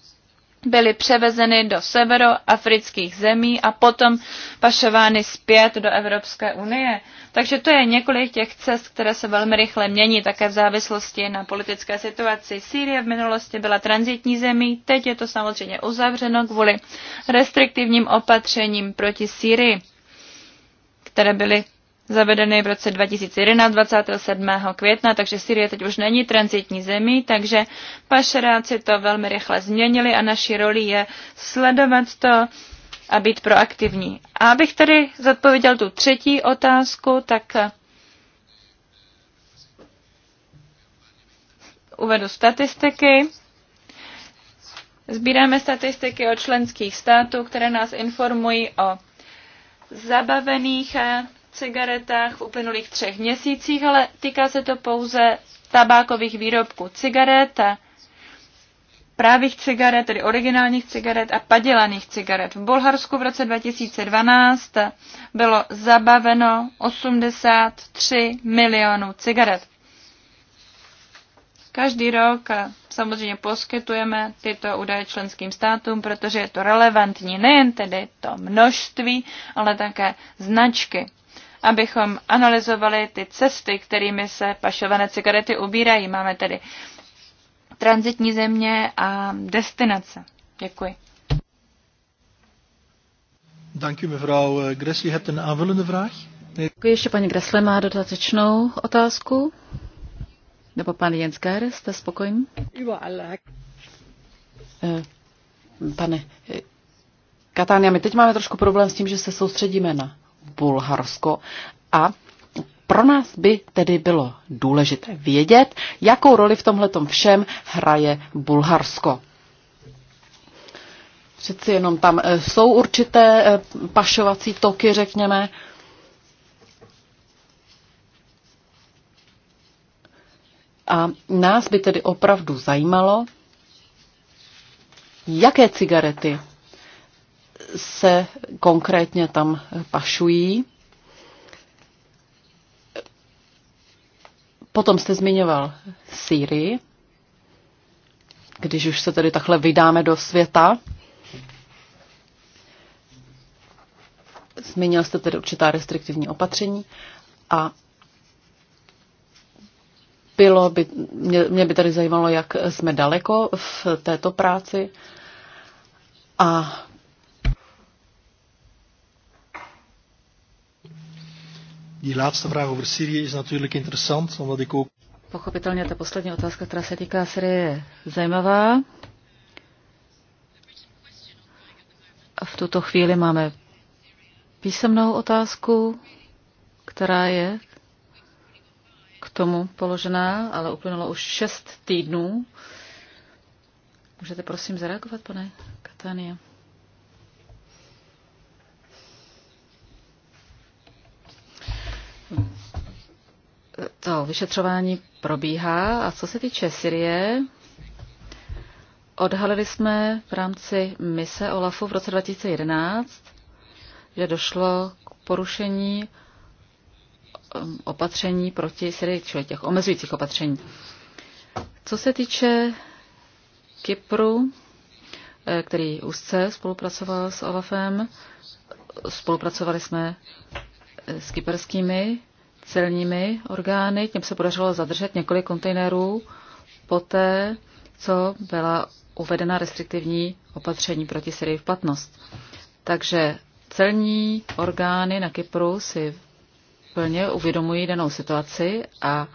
byly převezeny do severoafrických zemí a potom pašovány zpět do Evropské unie. Takže to je několik těch cest, které se velmi rychle mění, také v závislosti na politické situaci. Sýrie v minulosti byla transitní zemí, teď je to samozřejmě uzavřeno kvůli restriktivním opatřením proti Sýrii, které byly zavedeny v roce 2011 27. května, takže Syrie teď už není transitní zemí, takže pašeráci to velmi rychle změnili a naší roli je sledovat to a být proaktivní. A abych tedy zodpověděl tu třetí otázku, tak eh, uvedu statistiky. Sbíráme statistiky od členských států, které nás informují o zabavených eh, cigaretách v uplynulých třech měsících, ale týká se to pouze tabákových výrobků cigaret, právých cigaret, tedy originálních cigaret a padělaných cigaret. V Bulharsku v roce 2012 bylo zabaveno 83 milionů cigaret. Každý rok samozřejmě poskytujeme tyto údaje členským státům, protože je to relevantní nejen tedy to množství, ale také značky abychom analyzovali ty cesty, kterými se pašované cigarety ubírají. Máme tedy transitní země a destinace. Děkuji. Dank mevrouw eh, Gressel. hebt een aanvullende vraag? Děkuji. Ještě paní Gressle má dodatečnou otázku. Nebo pan Jens Gare, jste spokojný? Eh, pane eh, Katánia, my teď máme trošku problém s tím, že se soustředíme na Bulharsko a pro nás by tedy bylo důležité vědět, jakou roli v tomhletom všem hraje Bulharsko. Přeci jenom tam eh, jsou určité eh, pašovací toky, řekněme. A nás by tedy opravdu zajímalo, jaké cigarety se konkrétně tam pašují. Potom jste zmiňoval Sýrii, když už se tedy takhle vydáme do světa. Zmínil jste tedy určitá restriktivní opatření a bylo by, mě, mě by tady zajímalo, jak jsme daleko v této práci a Die laatste vraag over Syrië is natuurlijk interessant, omdat ik ook... Pochopitelně ta poslední otázka, která se týká Syrie, je zajímavá. A v tuto chvíli máme písemnou otázku, která je k tomu položená, ale uplynulo už šest týdnů. Můžete prosím zareagovat, pane Katania? to vyšetřování probíhá. A co se týče Syrie, odhalili jsme v rámci mise OLAFu v roce 2011, že došlo k porušení um, opatření proti Syrii, čili těch omezujících opatření. Co se týče Kypru, eh, který úzce spolupracoval s OLAFem, spolupracovali jsme eh, s kyperskými celními orgány. Těm se podařilo zadržet několik kontejnerů poté, co byla uvedena restriktivní opatření proti Syrii v platnost. Takže celní orgány na Kypru si plně uvědomují danou situaci a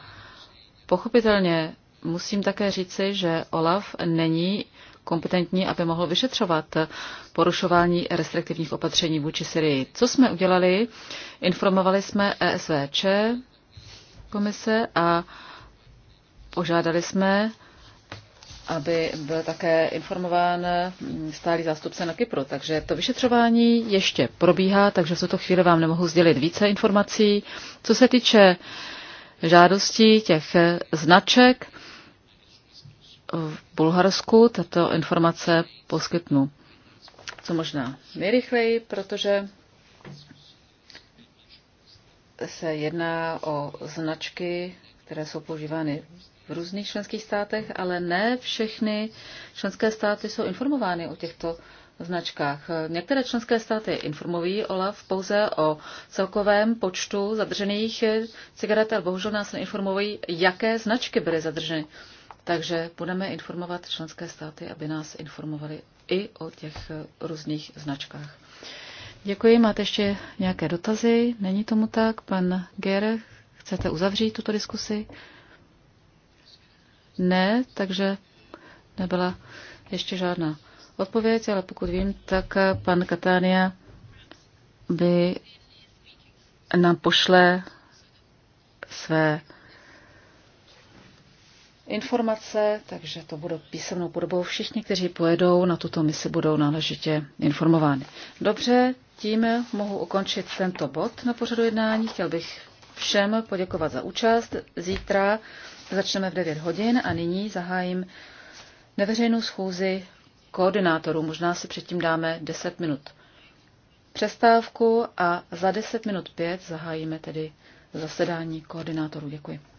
pochopitelně musím také říci, že OLAF není kompetentní, aby mohl vyšetřovat porušování restriktivních opatření vůči Syrii. Co jsme udělali? Informovali jsme ESVČ komise a požádali jsme, aby byl také informován stálý zástupce na Kypru. Takže to vyšetřování ještě probíhá, takže v tuto chvíli vám nemohu sdělit více informací. Co se týče žádostí těch značek, v Bulharsku. Tato informace poskytnu co možná nejrychleji, protože se jedná o značky, které jsou používány v různých členských státech, ale ne všechny členské státy jsou informovány o těchto značkách. Některé členské státy informují OLAF pouze o celkovém počtu zadržených cigaret, ale bohužel nás neinformují, jaké značky byly zadrženy. Takže budeme informovat členské státy, aby nás informovali i o těch eh, různých značkách. Děkuji. Máte ještě nějaké dotazy? Není tomu tak? Pan Ger, chcete uzavřít tuto diskusi? Ne, takže nebyla ještě žádná odpověď, ale pokud vím, tak eh, pan Katánia by nám pošle své informace, takže to budou písemnou podobou. Všichni, kteří pojedou na tuto misi, budou náležitě informováni. Dobře, tím mohu ukončit tento bod na pořadu jednání. Chtěl bych všem poděkovat za účast. Zítra začneme v 9 hodin a nyní zahájím neveřejnou schůzi koordinátorů. Možná si předtím dáme 10 minut přestávku a za 10 minut 5 zahájíme tedy zasedání koordinátorů. Děkuji.